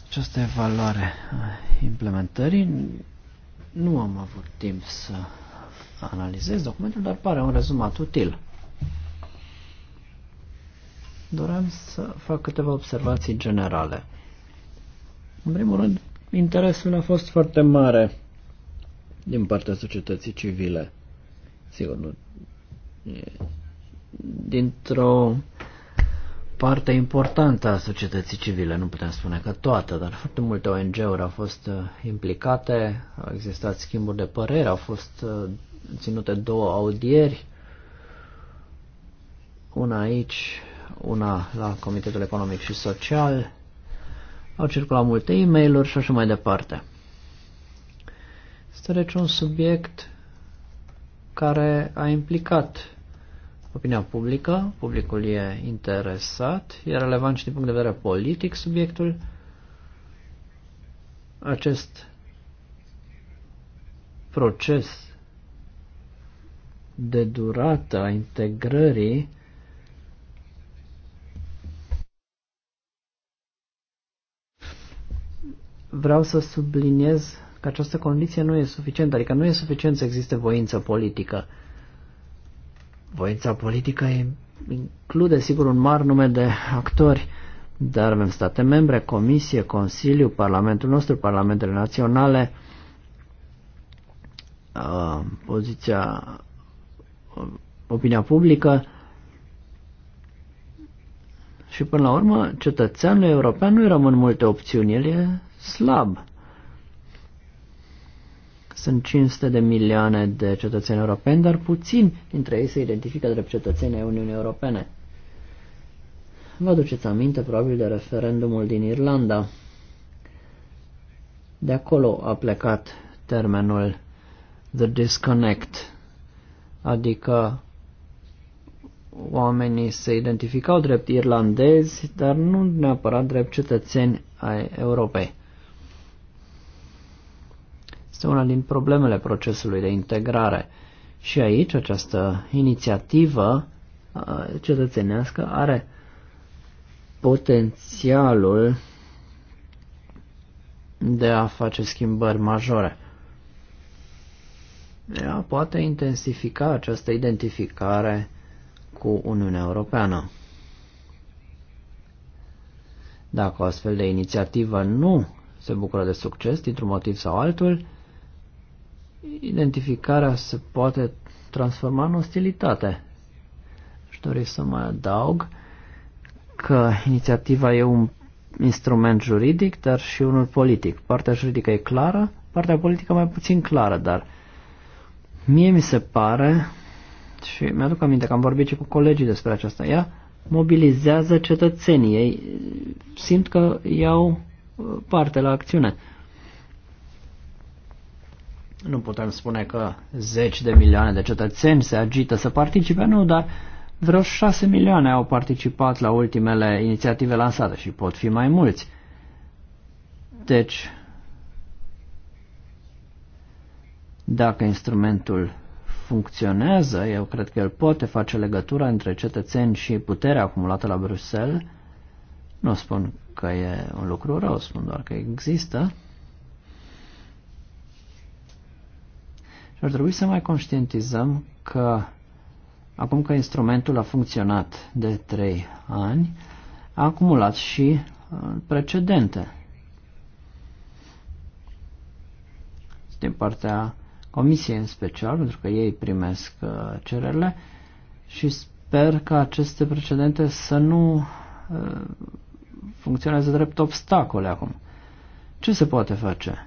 această evaluare a implementării. Nu am avut timp să analizez documentul, dar pare un rezumat util. Doream să fac câteva observații generale. În primul rând, interesul a fost foarte mare din partea societății civile. Sigur, nu dintr-o parte importantă a societății civile, nu putem spune că toată, dar foarte multe ONG-uri au fost uh, implicate, au existat schimburi de păreri, au fost uh, ținute două audieri, una aici, una la Comitetul Economic și Social, au circulat multe e mail și așa mai departe. Este deci un subiect care a implicat opinia publică, publicul e interesat, e relevant și din punct de vedere politic subiectul. Acest proces de durată a integrării vreau să subliniez că această condiție nu e suficientă, adică nu e suficient să existe voință politică. Voința politică include, sigur, un mare nume de actori, dar avem state membre, Comisie, Consiliu, Parlamentul nostru, Parlamentele Naționale, uh, poziția, uh, opinia publică și, până la urmă, cetățeanul european nu-i rămân multe opțiuni, el e slab. Sunt 500 de milioane de cetățeni europeni, dar puțin dintre ei se identifică drept cetățeni ai Uniunii Europene. Vă aduceți aminte probabil de referendumul din Irlanda. De acolo a plecat termenul the disconnect, adică oamenii se identificau drept irlandezi, dar nu neapărat drept cetățeni ai Europei. Este una din problemele procesului de integrare. Și aici această inițiativă uh, cetățenească are potențialul de a face schimbări majore. Ea poate intensifica această identificare cu Uniunea Europeană. Dacă o astfel de inițiativă nu se bucură de succes dintr-un motiv sau altul, identificarea se poate transforma în ostilitate. Aș dori să mai adaug că inițiativa e un instrument juridic, dar și unul politic. Partea juridică e clară, partea politică mai puțin clară, dar mie mi se pare, și mi-aduc aminte că am vorbit și cu colegii despre aceasta, ea mobilizează cetățenii, ei simt că iau uh, parte la acțiune. Nu putem spune că zeci de milioane de cetățeni se agită să participe, nu, dar vreo șase milioane au participat la ultimele inițiative lansate și pot fi mai mulți. Deci, dacă instrumentul funcționează, eu cred că el poate face legătura între cetățeni și puterea acumulată la Bruxelles. Nu spun că e un lucru rău, spun doar că există. Și ar trebui să mai conștientizăm că acum că instrumentul a funcționat de 3 ani, a acumulat și uh, precedente. Din partea Comisiei în special, pentru că ei primesc uh, cererile și sper că aceste precedente să nu uh, funcționeze drept obstacole acum. Ce se poate face?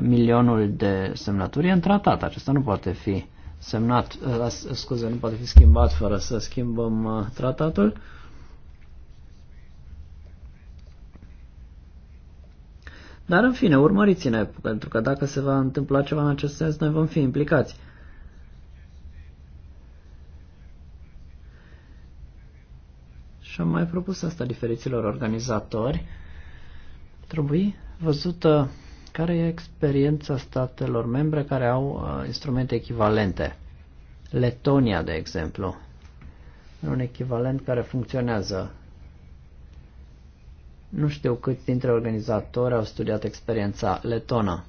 milionul de semnături e în tratat. Acesta nu poate fi semnat, eh, scuze, nu poate fi schimbat fără să schimbăm eh, tratatul. Dar în fine, urmăriți-ne, pentru că dacă se va întâmpla ceva în acest sens, noi vom fi implicați. Și am mai propus asta diferiților organizatori. Trebuie văzută care e experiența statelor membre care au uh, instrumente echivalente? Letonia, de exemplu, un echivalent care funcționează. Nu știu câți dintre organizatori au studiat experiența letona.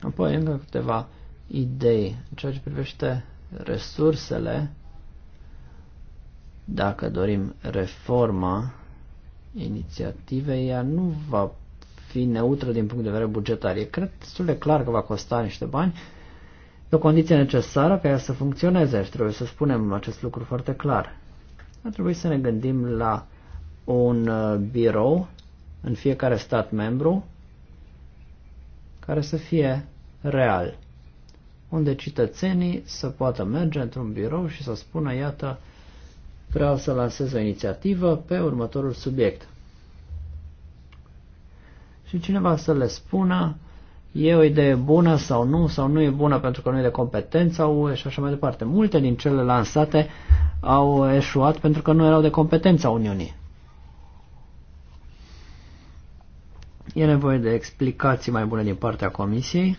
Apoi încă câteva idei în ceea ce privește resursele, dacă dorim reforma inițiative, ea nu va fi neutră din punct de vedere bugetar. E cred destul de clar că va costa niște bani. E o condiție necesară ca ea să funcționeze și trebuie să spunem acest lucru foarte clar. Ar trebui să ne gândim la un uh, birou în fiecare stat membru care să fie real, unde cetățenii să poată merge într-un birou și să spună, iată, vreau să lansez o inițiativă pe următorul subiect. Și cineva să le spună, e o idee bună sau nu, sau nu e bună pentru că nu e de competență. UE și așa mai departe. Multe din cele lansate au eșuat pentru că nu erau de competența Uniunii. E nevoie de explicații mai bune din partea Comisiei.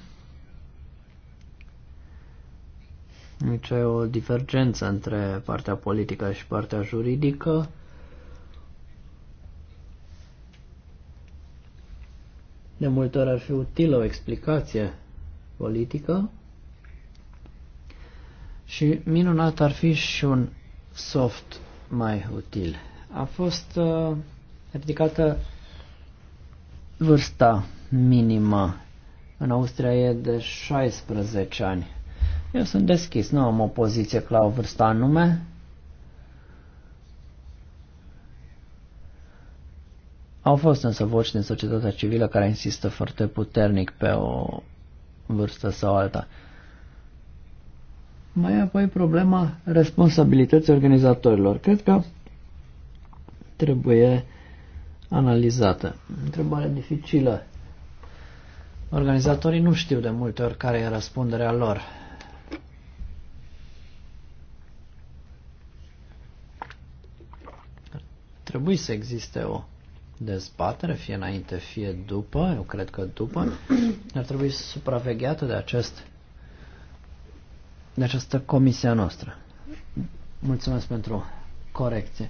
Aici e o divergență între partea politică și partea juridică. De multe ori ar fi utilă o explicație politică și minunat ar fi și un soft mai util. A fost uh, ridicată vârsta minimă. În Austria e de 16 ani. Eu sunt deschis, nu am o poziție la o vârstă anume. Au fost însă voci din societatea civilă care insistă foarte puternic pe o vârstă sau alta. Mai apoi problema responsabilității organizatorilor. Cred că trebuie analizată. Întrebare dificilă. Organizatorii nu știu de multe ori care e răspunderea lor. trebui să existe o dezbatere, fie înainte, fie după, eu cred că după, ar trebui supravegheată de, acest, de această comisia noastră. Mulțumesc pentru corecție.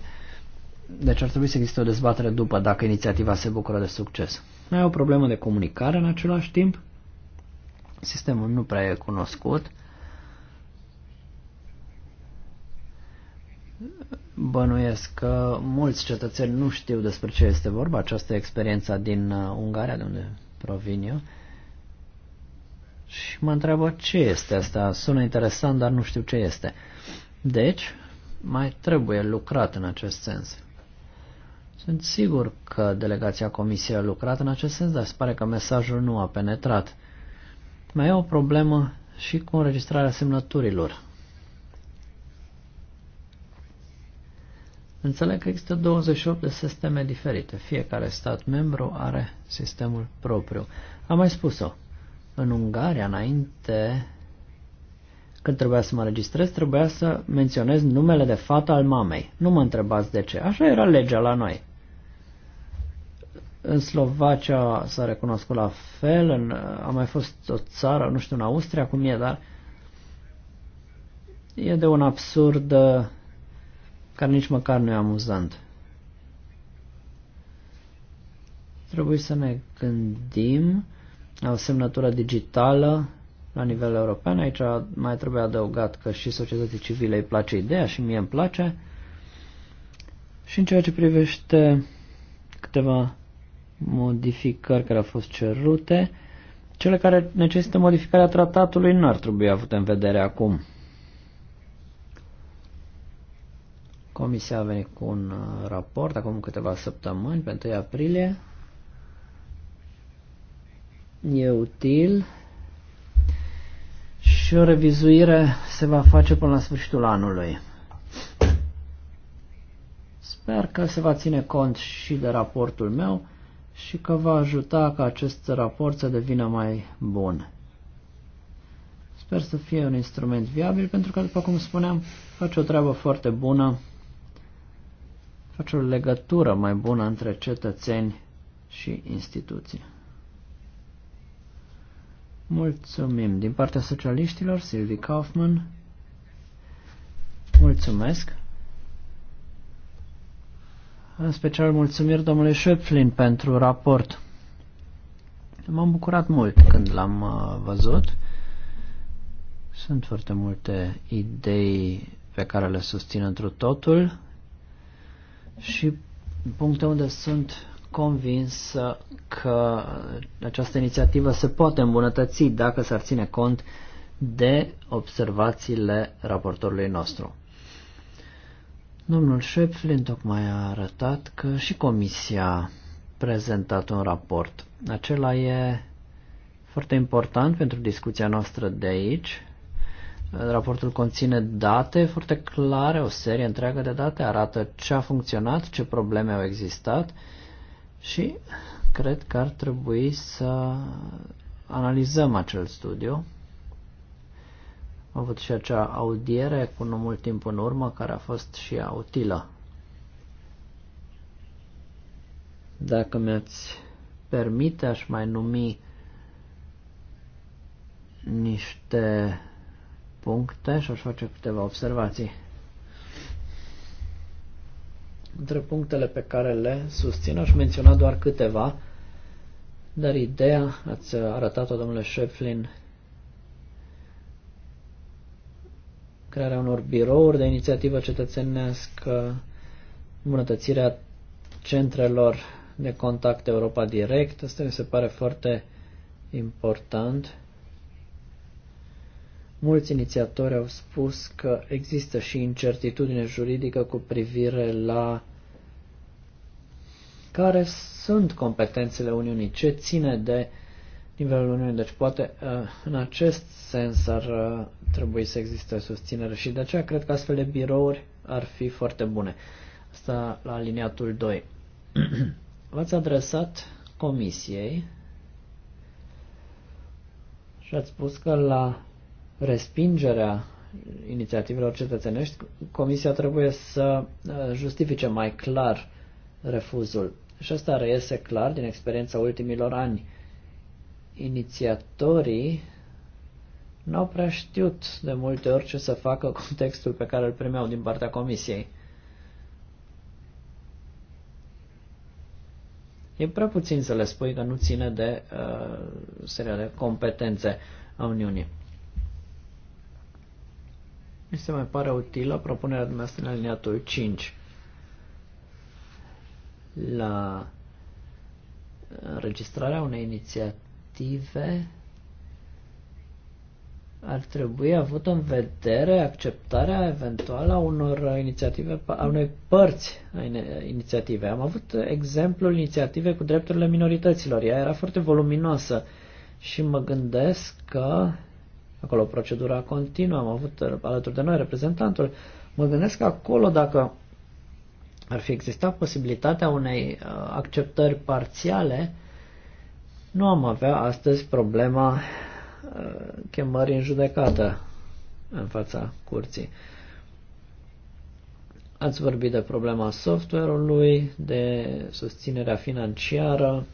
Deci ar trebui să existe o dezbatere după dacă inițiativa se bucură de succes. Mai e o problemă de comunicare în același timp. Sistemul nu prea e cunoscut. Bănuiesc că mulți cetățeni nu știu despre ce este vorba, această experiență din uh, Ungaria, de unde provin eu. Și mă întreabă ce este asta. Sună interesant, dar nu știu ce este. Deci, mai trebuie lucrat în acest sens. Sunt sigur că delegația Comisiei a lucrat în acest sens, dar se pare că mesajul nu a penetrat. Mai e o problemă și cu înregistrarea semnăturilor. Înțeleg că există 28 de sisteme diferite. Fiecare stat membru are sistemul propriu. Am mai spus-o. În Ungaria, înainte, când trebuia să mă registrez, trebuia să menționez numele de fată al mamei. Nu mă întrebați de ce. Așa era legea la noi. În Slovacia s-a recunoscut la fel, în, a mai fost o țară, nu știu, în Austria cum e, dar e de un absurd uh, care nici măcar nu e amuzant. Trebuie să ne gândim la o semnătură digitală la nivel european. Aici mai trebuie adăugat că și societății civile îi place ideea și mie îmi place. Și în ceea ce privește câteva modificări care au fost cerute, cele care necesită modificarea tratatului nu ar trebui avute în vedere acum. Comisia a venit cu un uh, raport acum câteva săptămâni, pe 1 aprilie. E util și o revizuire se va face până la sfârșitul anului. Sper că se va ține cont și de raportul meu și că va ajuta ca acest raport să devină mai bun. Sper să fie un instrument viabil pentru că, după cum spuneam, face o treabă foarte bună face o legătură mai bună între cetățeni și instituții. Mulțumim. Din partea socialiștilor, Silvi Kaufman. Mulțumesc. În special mulțumiri domnului Schöpflin pentru raport. M-am bucurat mult când l-am uh, văzut. Sunt foarte multe idei pe care le susțin într totul și puncte unde sunt convins că această inițiativă se poate îmbunătăți dacă s-ar ține cont de observațiile raportorului nostru. Domnul Șepflin tocmai a arătat că și Comisia a prezentat un raport. Acela e foarte important pentru discuția noastră de aici Raportul conține date foarte clare, o serie întreagă de date, arată ce a funcționat, ce probleme au existat și cred că ar trebui să analizăm acel studiu. Am avut și acea audiere cu nu mult timp în urmă, care a fost și ea utilă. Dacă mi-ați permite, aș mai numi niște puncte și aș face câteva observații. Între punctele pe care le susțin aș menționa doar câteva, dar ideea, ați arătat-o, domnule Șeflin, crearea unor birouri de inițiativă cetățenească, îmbunătățirea centrelor de contact Europa Direct, asta mi se pare foarte important Mulți inițiatori au spus că există și incertitudine juridică cu privire la care sunt competențele Uniunii, ce ține de nivelul Uniunii. Deci poate uh, în acest sens ar uh, trebui să existe susținere și de aceea cred că astfel de birouri ar fi foarte bune. Asta la aliniatul 2. V-ați adresat comisiei și ați spus că la respingerea inițiativelor cetățenești, Comisia trebuie să uh, justifice mai clar refuzul. Și asta reiese clar din experiența ultimilor ani. Inițiatorii n-au prea știut de multe ori ce să facă cu textul pe care îl primeau din partea Comisiei. E prea puțin să le spui că nu ține de uh, seria de competențe a Uniunii. Mi se mai pare utilă propunerea dumneavoastră în aliniatul 5 la înregistrarea unei inițiative ar trebui avut în vedere acceptarea eventuală a unor inițiative, a unei părți a inițiative. Am avut exemplul inițiative cu drepturile minorităților. Ea era foarte voluminoasă și mă gândesc că Acolo procedura continuă, am avut uh, alături de noi reprezentantul. Mă gândesc că acolo dacă ar fi existat posibilitatea unei uh, acceptări parțiale, nu am avea astăzi problema uh, chemării în judecată în fața curții. Ați vorbit de problema software-ului, de susținerea financiară,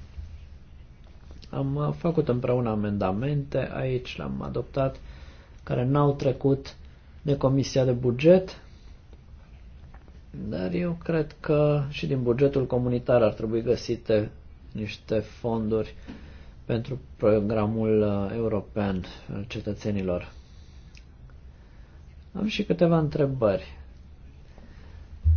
am uh, făcut împreună amendamente, aici le am adoptat, care n-au trecut de Comisia de Buget, dar eu cred că și din bugetul comunitar ar trebui găsite niște fonduri pentru programul uh, european al cetățenilor. Am și câteva întrebări.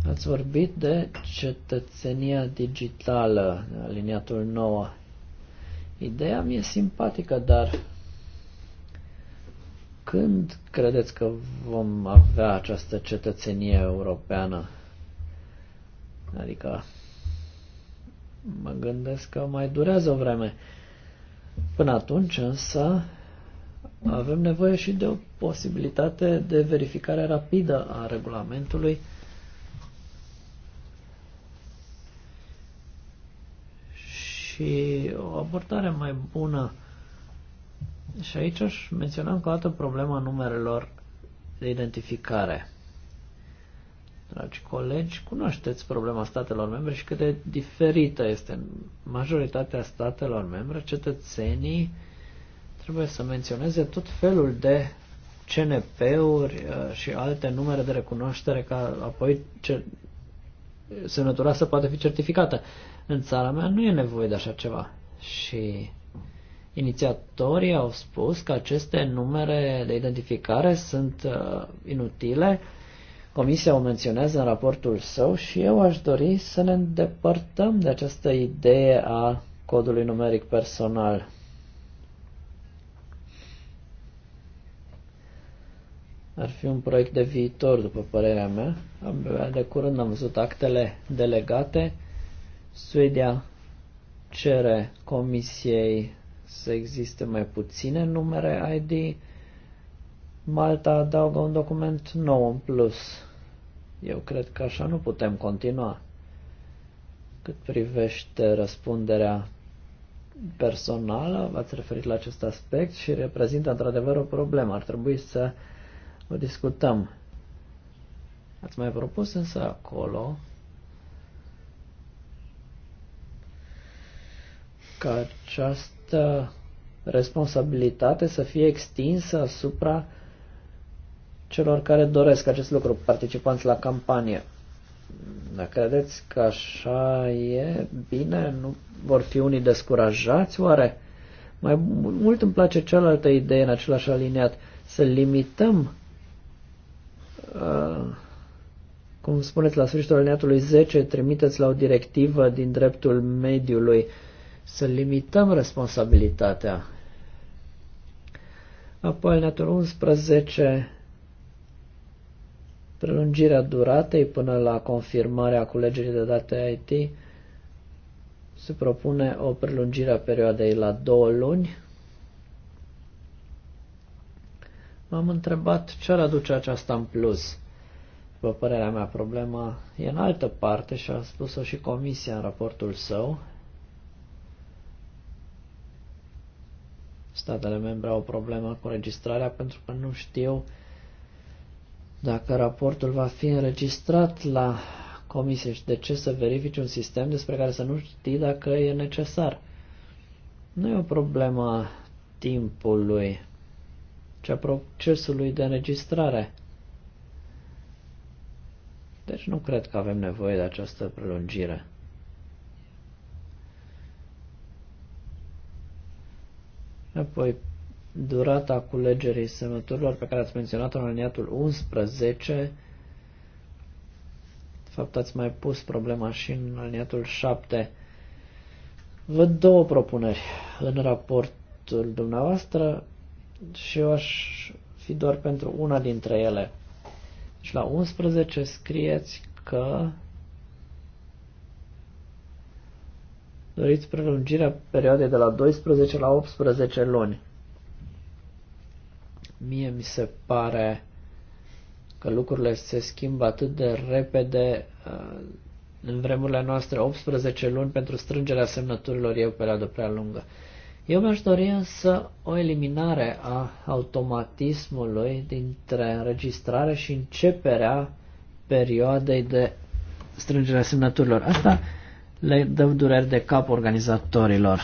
Ați vorbit de cetățenia digitală, aliniatul 9. Ideea mi-e simpatică, dar când credeți că vom avea această cetățenie europeană? Adică mă gândesc că mai durează o vreme. Până atunci însă avem nevoie și de o posibilitate de verificare rapidă a regulamentului și o abordare mai bună. Și aici aș menționa încă o dată problema numerelor de identificare. Dragi colegi, cunoașteți problema statelor membre și cât de diferită este în majoritatea statelor membre. Cetățenii trebuie să menționeze tot felul de CNP-uri uh, și alte numere de recunoaștere ca apoi ce, semnătura să poată fi certificată. În țara mea nu e nevoie de așa ceva. Și inițiatorii au spus că aceste numere de identificare sunt uh, inutile. Comisia o menționează în raportul său și eu aș dori să ne îndepărtăm de această idee a codului numeric personal. Ar fi un proiect de viitor, după părerea mea. De curând am văzut actele delegate Suedia cere comisiei să existe mai puține numere ID. Malta adaugă un document nou în plus. Eu cred că așa nu putem continua. Cât privește răspunderea personală, v-ați referit la acest aspect și reprezintă într-adevăr o problemă. Ar trebui să o discutăm. Ați mai propus însă acolo ca această responsabilitate să fie extinsă asupra celor care doresc acest lucru, participanți la campanie. Dacă credeți că așa e bine, nu vor fi unii descurajați oare? Mai mult îmi place cealaltă idee în același aliniat, să limităm, uh, cum spuneți la sfârșitul aliniatului 10, trimiteți la o directivă din dreptul mediului, uh, să limităm responsabilitatea. Apoi, în 11, prelungirea duratei până la confirmarea culegerii de date IT se propune o prelungire a perioadei la două luni. M-am întrebat ce ar aduce aceasta în plus. După părerea mea, problema e în altă parte și a spus-o și comisia în raportul său. statele membre au o problemă cu registrarea pentru că nu știu dacă raportul va fi înregistrat la comisie și de ce să verifici un sistem despre care să nu știi dacă e necesar. Nu e o problemă a timpului, ci a procesului de înregistrare. Deci nu cred că avem nevoie de această prelungire. Apoi, durata culegerii semnăturilor pe care ați menționat-o în aliniatul 11, de fapt ați mai pus problema și în aliniatul 7, văd două propuneri în raportul dumneavoastră și eu aș fi doar pentru una dintre ele. Și deci la 11 scrieți că Doriți prelungirea perioadei de la 12 la 18 luni. Mie mi se pare că lucrurile se schimbă atât de repede uh, în vremurile noastre, 18 luni pentru strângerea semnăturilor e o perioadă prea lungă. Eu mi-aș dori însă o eliminare a automatismului dintre înregistrare și începerea perioadei de strângere a semnăturilor. Asta le dă dureri de cap organizatorilor.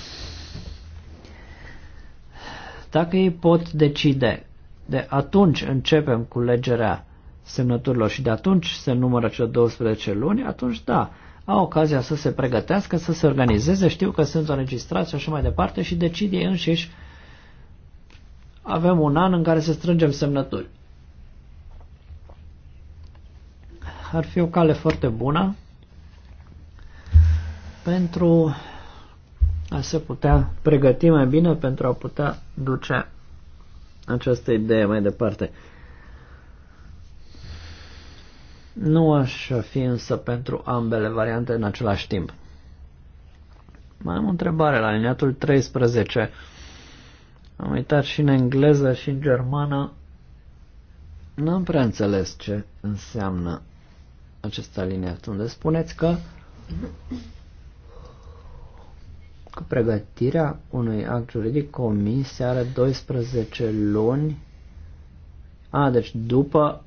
Dacă ei pot decide, de atunci începem cu legerea semnăturilor și de atunci se numără cele 12 luni, atunci da, au ocazia să se pregătească, să se organizeze, știu că sunt înregistrați și așa mai departe și decid ei înșiși avem un an în care să strângem semnături. Ar fi o cale foarte bună pentru a se putea pregăti mai bine, pentru a putea duce această idee mai departe. Nu aș fi însă pentru ambele variante în același timp. Mai am o întrebare la liniatul 13. Am uitat și în engleză și în germană. N-am prea înțeles ce înseamnă acest aliniat, unde spuneți că cu pregătirea unui act juridic, comisia are 12 luni. A, deci după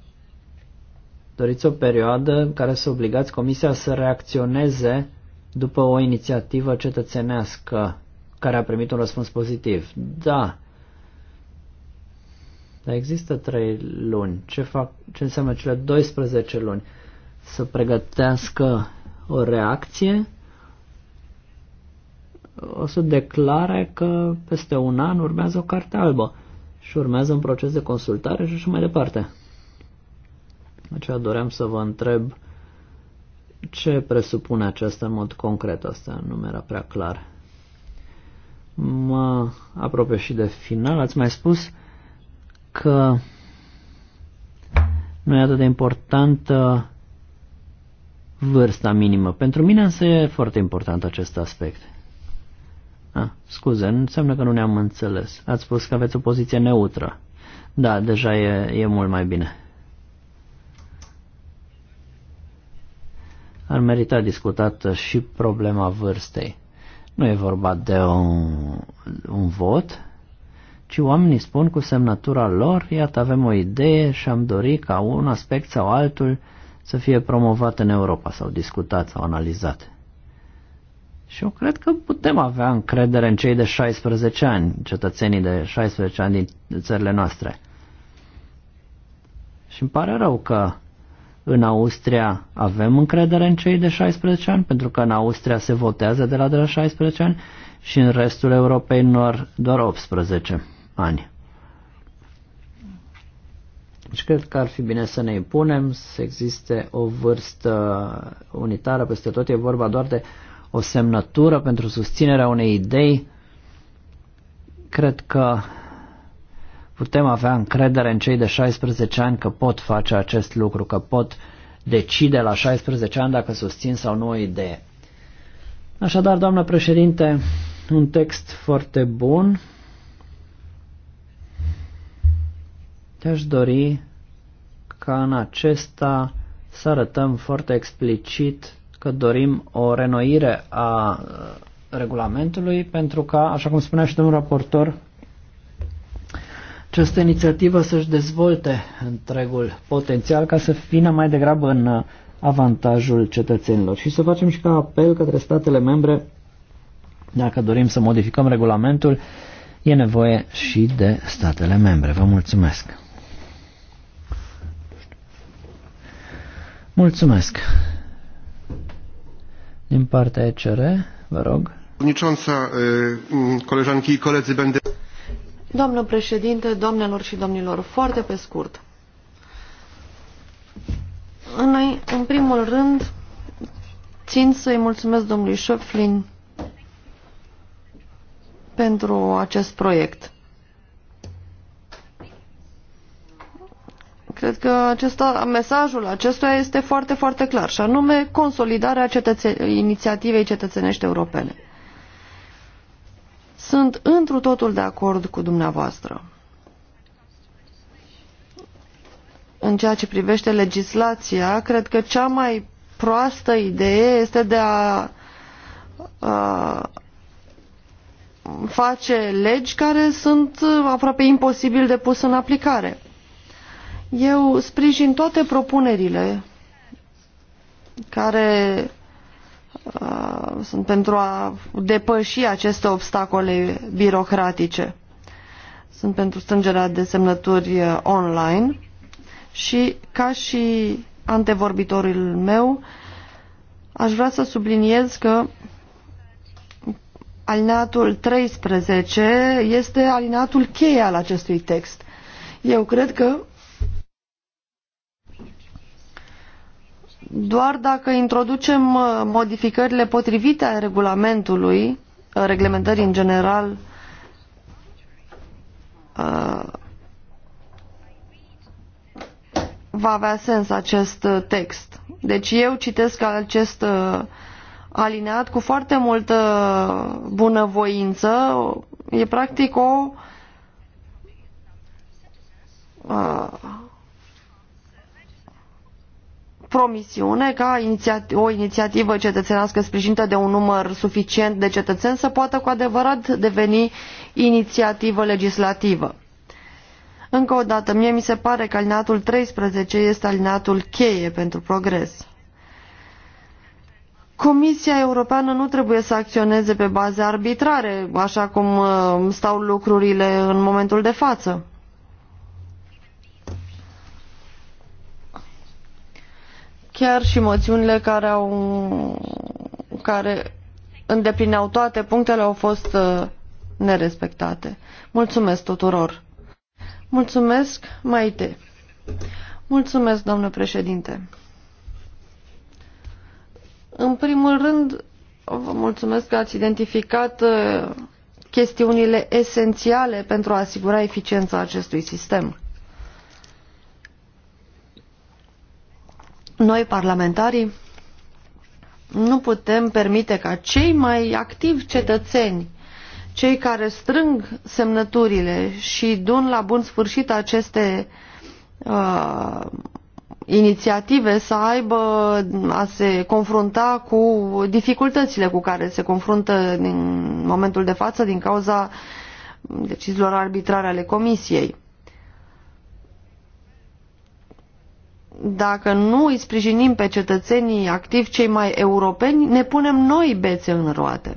doriți o perioadă în care să obligați comisia să reacționeze după o inițiativă cetățenească care a primit un răspuns pozitiv. Da. Dar există trei luni. Ce, fac, ce înseamnă cele 12 luni? Să pregătească o reacție o să declare că peste un an urmează o carte albă și urmează un proces de consultare și așa mai departe. Aceea deci doream să vă întreb ce presupune acesta în mod concret, asta nu mi-era prea clar. Mă apropie și de final, ați mai spus că nu e atât de importantă vârsta minimă. Pentru mine însă e foarte important acest aspect. Ah, scuze, înseamnă că nu ne-am înțeles. Ați spus că aveți o poziție neutră. Da, deja e, e mult mai bine. Ar merita discutată și problema vârstei. Nu e vorba de un, un vot, ci oamenii spun cu semnătura lor, iată avem o idee și am dorit ca un aspect sau altul să fie promovat în Europa sau discutat sau analizat. Și eu cred că putem avea încredere în cei de 16 ani, cetățenii de 16 ani din țările noastre. Și îmi pare rău că în Austria avem încredere în cei de 16 ani, pentru că în Austria se votează de la de la 16 ani și în restul Europei doar, doar 18 ani. Deci cred că ar fi bine să ne impunem, să existe o vârstă unitară peste tot, e vorba doar de o semnătură pentru susținerea unei idei, cred că putem avea încredere în cei de 16 ani că pot face acest lucru, că pot decide la 16 ani dacă susțin sau nu o idee. Așadar, doamnă președinte, un text foarte bun. Te-aș dori ca în acesta să arătăm foarte explicit că dorim o renoire a uh, regulamentului pentru ca, așa cum spunea și domnul raportor, această inițiativă să-și dezvolte întregul potențial ca să vină mai degrabă în uh, avantajul cetățenilor și să facem și ca apel către statele membre dacă dorim să modificăm regulamentul, e nevoie și de statele membre. Vă mulțumesc! Mulțumesc! Din partea ECR, vă rog. Doamnă președinte, doamnelor și domnilor, foarte pe scurt. În, în primul rând, țin să-i mulțumesc domnului Șoflin pentru acest proiect. Cred că acesta, mesajul acestuia este foarte, foarte clar, și anume consolidarea cetățe inițiativei cetățenești europene. Sunt întru totul de acord cu dumneavoastră. În ceea ce privește legislația, cred că cea mai proastă idee este de a, a face legi care sunt aproape imposibil de pus în aplicare. Eu sprijin toate propunerile care uh, sunt pentru a depăși aceste obstacole birocratice. Sunt pentru strângerea de semnături uh, online și ca și antevorbitorul meu, aș vrea să subliniez că alineatul 13 este alineatul cheie al acestui text. Eu cred că Doar dacă introducem uh, modificările potrivite a regulamentului, uh, reglementării în general, uh, va avea sens acest text. Deci eu citesc acest alineat cu foarte multă bunăvoință. E practic o promisiune ca o inițiativă cetățenească sprijinită de un număr suficient de cetățeni să poată cu adevărat deveni inițiativă legislativă. Încă o dată, mie mi se pare că alineatul 13 este alineatul cheie pentru progres. Comisia Europeană nu trebuie să acționeze pe baze arbitrare, așa cum uh, stau lucrurile în momentul de față. Chiar și moțiunile care au care îndeplineau toate punctele au fost uh, nerespectate. Mulțumesc tuturor. Mulțumesc, Maite. Mulțumesc, domnule președinte. În primul rând, vă mulțumesc că ați identificat uh, chestiunile esențiale pentru a asigura eficiența acestui sistem. Noi, parlamentarii, nu putem permite ca cei mai activi cetățeni, cei care strâng semnăturile și dun la bun sfârșit aceste uh, inițiative să aibă a se confrunta cu dificultățile cu care se confruntă în momentul de față din cauza deciziilor arbitrare ale Comisiei. dacă nu îi sprijinim pe cetățenii activi cei mai europeni, ne punem noi bețe în roate.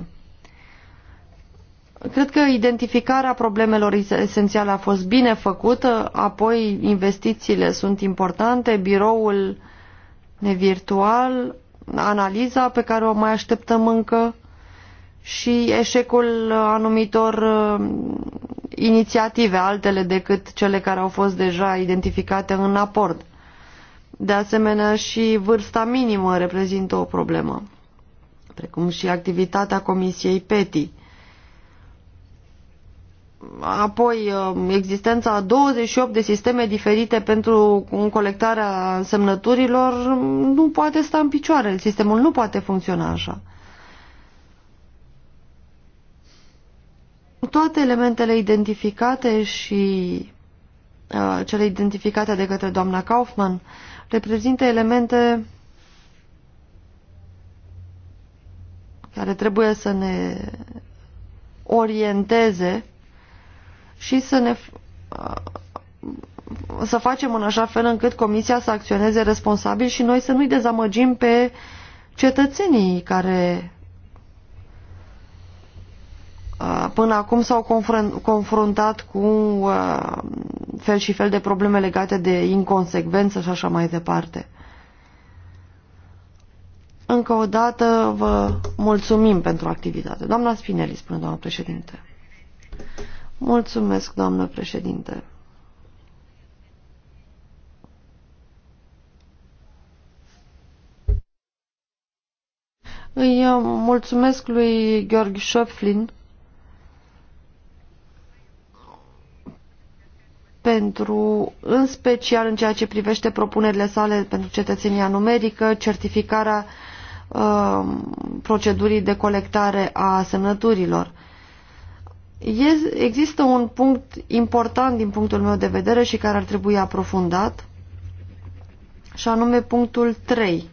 Cred că identificarea problemelor esențiale a fost bine făcută, apoi investițiile sunt importante, biroul nevirtual, analiza pe care o mai așteptăm încă și eșecul anumitor uh, inițiative, altele decât cele care au fost deja identificate în aport. De asemenea, și vârsta minimă reprezintă o problemă, precum și activitatea Comisiei PETI. Apoi, uh, existența a 28 de sisteme diferite pentru colectarea semnăturilor mm, nu poate sta în picioare. Sistemul nu poate funcționa așa. Toate elementele identificate și uh, cele identificate de către doamna Kaufman uh, reprezintă elemente care trebuie să ne orienteze și să ne să facem în așa fel încât Comisia să acționeze responsabil și noi să nu-i dezamăgim pe cetățenii care Uh, până acum s-au confruntat cu uh, fel și fel de probleme legate de inconsecvență și așa mai departe. Încă o dată vă mulțumim pentru activitate. Doamna Spinelli, spune doamna președinte. Mulțumesc, doamnă președinte. Îi uh, mulțumesc lui Gheorghe Șoflin. pentru, în special în ceea ce privește propunerile sale pentru cetățenia numerică, certificarea uh, procedurii de colectare a semnăturilor. există un punct important din punctul meu de vedere și care ar trebui aprofundat, și anume punctul 3.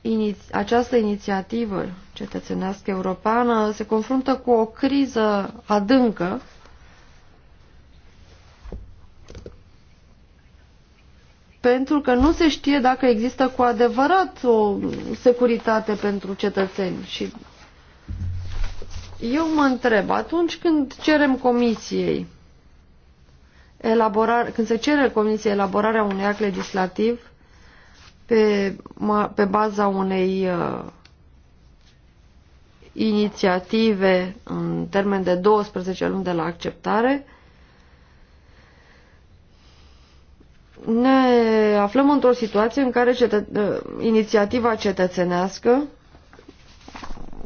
Ini această inițiativă cetățenească europeană se confruntă cu o criză adâncă pentru că nu se știe dacă există cu adevărat o securitate pentru cetățeni. Și eu mă întreb, atunci când cerem comisiei elaborare, când se cere comisiei elaborarea unui act legislativ pe, pe baza unei uh, inițiative în termen de 12 luni de la acceptare, ne aflăm într-o situație în care cetă uh, inițiativa cetățenească,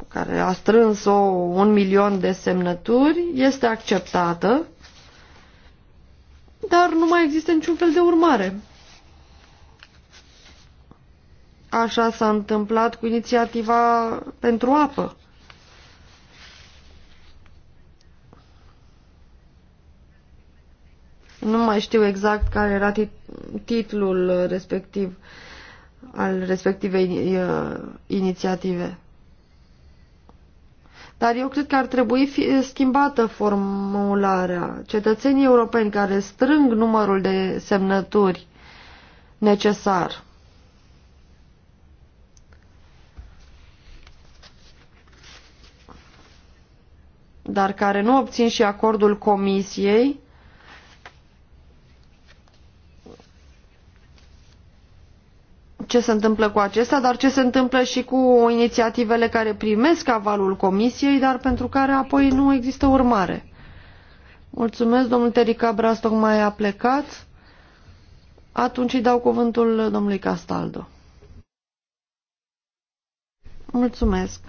care a strâns o un milion de semnături, este acceptată, dar nu mai există niciun fel de urmare. Așa s-a întâmplat cu inițiativa pentru apă. Nu mai știu exact care era tit titlul respectiv al respectivei uh, inițiative. Dar eu cred că ar trebui fi schimbată formularea. Cetățenii europeni care strâng numărul de semnături necesar. dar care nu obțin și acordul comisiei ce se întâmplă cu acesta, dar ce se întâmplă și cu inițiativele care primesc avalul Comisiei, dar pentru care apoi nu există urmare. Mulțumesc, domnul Terica Bras tocmai a plecat. Atunci îi dau cuvântul domnului Castaldo. Mulțumesc.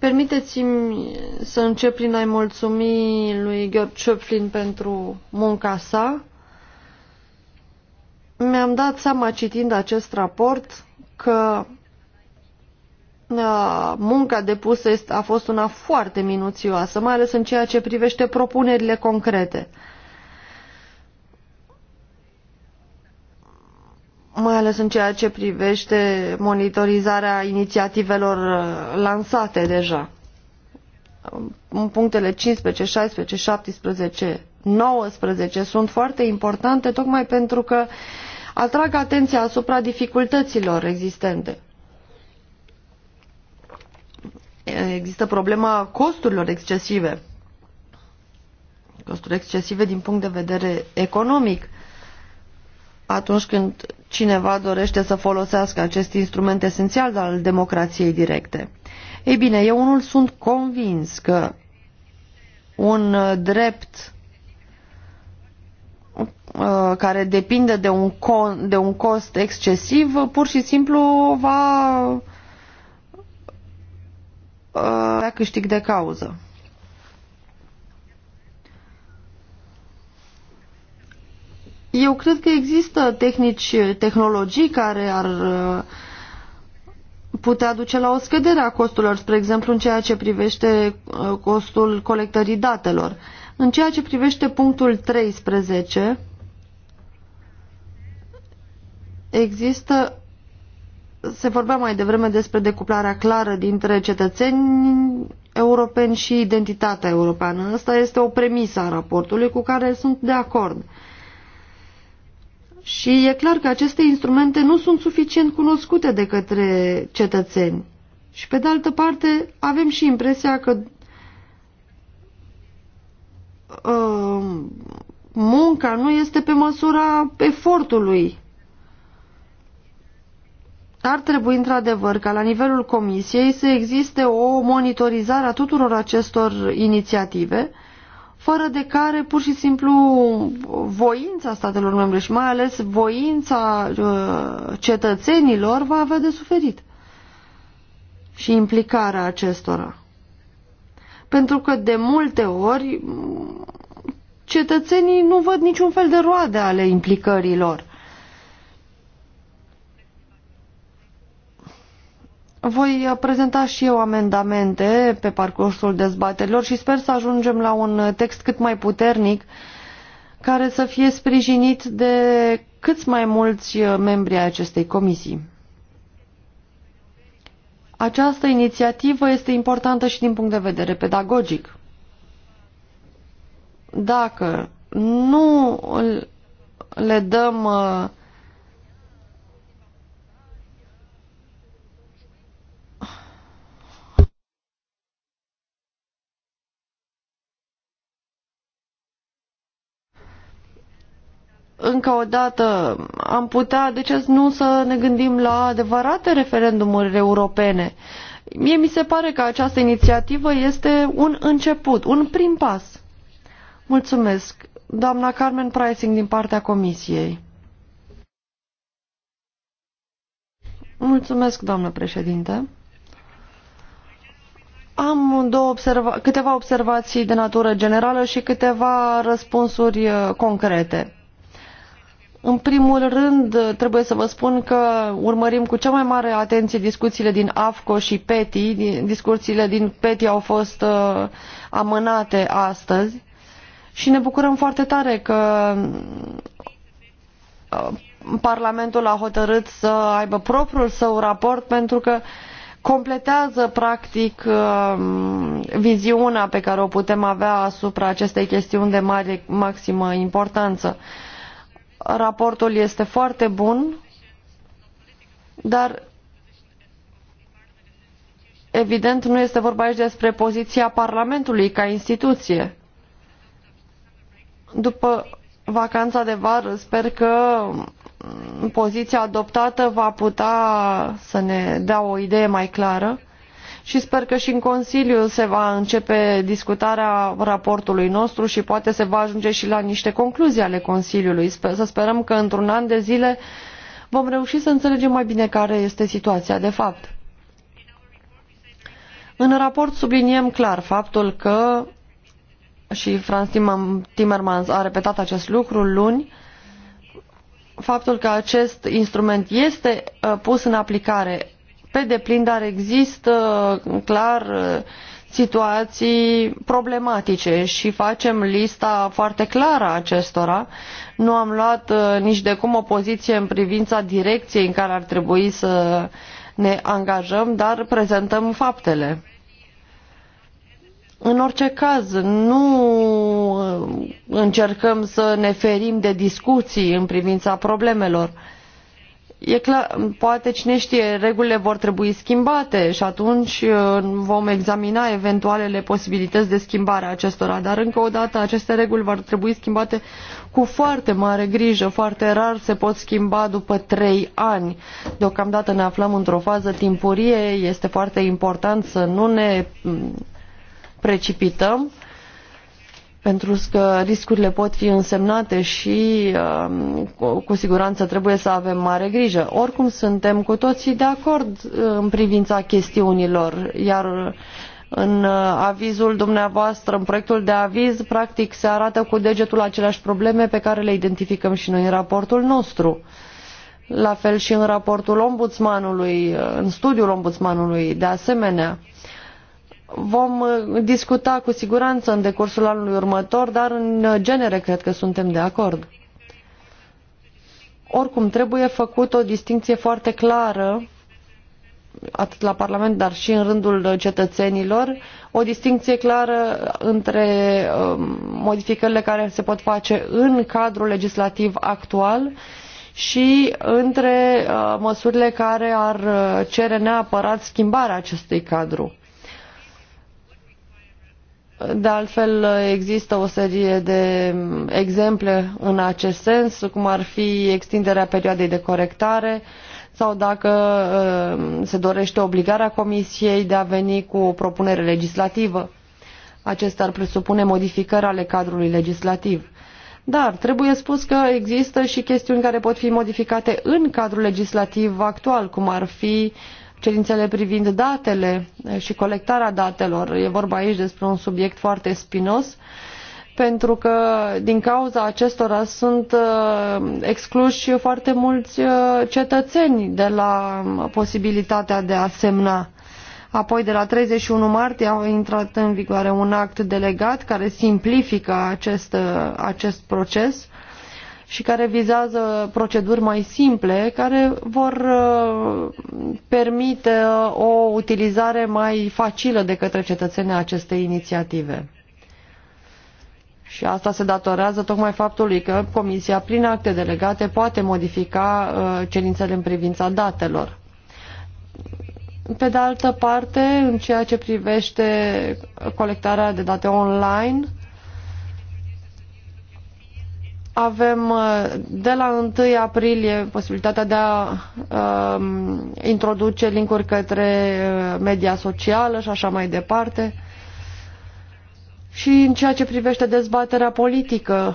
Permiteți-mi să încep prin a-i mulțumi lui George Schöpflin pentru munca sa. Mi-am dat seama citind acest raport că munca depusă a fost una foarte minuțioasă, mai ales în ceea ce privește propunerile concrete. mai ales în ceea ce privește monitorizarea inițiativelor uh, lansate deja. În punctele 15, 16, 17, 19 sunt foarte importante tocmai pentru că atrag atenția asupra dificultăților existente. Există problema costurilor excesive, costuri excesive din punct de vedere economic atunci când cineva dorește să folosească acest instrument esențial al democrației directe. Ei bine, eu unul sunt convins că un uh, drept uh, care depinde de un, con, de un cost excesiv, uh, pur și simplu va va câștig de cauză. Eu cred că există tehnici, tehnologii care ar uh, putea duce la o scădere a costurilor, spre exemplu în ceea ce privește uh, costul colectării datelor. În ceea ce privește punctul 13, există, se vorbea mai devreme despre decuplarea clară dintre cetățeni europeni și identitatea europeană. Asta este o premisă a raportului cu care sunt de acord. Și e clar că aceste instrumente nu sunt suficient cunoscute de către cetățeni. Și pe de altă parte avem și impresia că uh, munca nu este pe măsura efortului. Ar trebui într-adevăr ca la nivelul comisiei să existe o monitorizare a tuturor acestor inițiative fără de care pur și simplu voința statelor membre și mai ales voința uh, cetățenilor va avea de suferit și implicarea acestora. Pentru că de multe ori cetățenii nu văd niciun fel de roade ale implicării lor. Voi uh, prezenta și eu amendamente pe parcursul dezbaterilor și sper să ajungem la un uh, text cât mai puternic care să fie sprijinit de câți mai mulți uh, membri ai acestei comisii. Această inițiativă este importantă și din punct de vedere pedagogic. Dacă nu le dăm uh, încă o dată, am putea, de ce nu să ne gândim la adevărate referendumuri europene? Mie mi se pare că această inițiativă este un început, un prim pas. Mulțumesc. Doamna Carmen Pricing din partea Comisiei. Mulțumesc, doamnă președinte. Am două observa câteva observații de natură generală și câteva răspunsuri uh, concrete. În primul rând, trebuie să vă spun că urmărim cu cea mai mare atenție discuțiile din AFCO și PETI. Discuțiile din PETI au fost uh, amânate astăzi și ne bucurăm foarte tare că uh, Parlamentul a hotărât să aibă propriul său raport pentru că completează practic uh, viziunea pe care o putem avea asupra acestei chestiuni de mare maximă importanță. Raportul este foarte bun, dar evident nu este vorba aici despre poziția Parlamentului ca instituție. După vacanța de vară sper că poziția adoptată va putea să ne dea o idee mai clară și sper că și în Consiliu se va începe discutarea raportului nostru și poate se va ajunge și la niște concluzii ale Consiliului. Să sperăm că într-un an de zile vom reuși să înțelegem mai bine care este situația de fapt. În raport subliniem clar faptul că, și Franz Timmermans a repetat acest lucru luni, faptul că acest instrument este uh, pus în aplicare pe deplin, dar există uh, clar uh, situații problematice și facem lista foarte clară a acestora. Nu am luat uh, nici de cum o poziție în privința direcției în care ar trebui să ne angajăm, dar prezentăm faptele. În orice caz, nu încercăm să ne ferim de discuții în privința problemelor. E clar, poate cine știe, regulile vor trebui schimbate și atunci uh, vom examina eventualele posibilități de schimbare a acestora, dar încă o dată aceste reguli vor trebui schimbate cu foarte mare grijă, foarte rar se pot schimba după trei ani. Deocamdată ne aflăm într-o fază timpurie, este foarte important să nu ne mm, precipităm pentru că riscurile pot fi însemnate și um, cu siguranță trebuie să avem mare grijă. Oricum suntem cu toții de acord uh, în privința chestiunilor, iar în uh, avizul dumneavoastră, în proiectul de aviz, practic se arată cu degetul aceleași probleme pe care le identificăm și noi în raportul nostru. La fel și în raportul ombudsmanului, uh, în studiul ombudsmanului, de asemenea Vom uh, discuta cu siguranță în decursul anului următor, dar în uh, genere cred că suntem de acord. Oricum, trebuie făcut o distinție foarte clară, atât la Parlament, dar și în rândul uh, cetățenilor, o distinție clară între um, modificările care se pot face în cadrul legislativ actual și între măsurile care ar cere neapărat schimbarea acestui cadru. De altfel, există o serie de exemple în acest sens, cum ar fi extinderea perioadei de corectare sau dacă uh, se dorește obligarea Comisiei de a veni cu o propunere legislativă. Acesta ar presupune modificări ale cadrului legislativ. Dar trebuie spus că există și chestiuni care pot fi modificate în cadrul legislativ actual, cum ar fi uh, cerințele privind datele eh, și colectarea datelor. E vorba aici despre un subiect foarte spinos pentru că din cauza acestora sunt eh, excluși foarte mulți eh, cetățeni de la posibilitatea de a semna. Apoi, de la 31 martie, au intrat în vigoare un act delegat care simplifică acest, acest proces și care vizează proceduri mai simple care vor uh, permite uh, o utilizare mai facilă de către cetățenii acestei inițiative. Și asta se datorează tocmai faptului că Comisia, prin acte delegate, poate modifica uh, cerințele în privința datelor. Pe de altă parte, în ceea ce privește colectarea de date online, avem uh, de la 1 aprilie posibilitatea de a um, introduce linkuri către uh, media socială și așa mai departe. Și în ceea ce privește dezbaterea politică,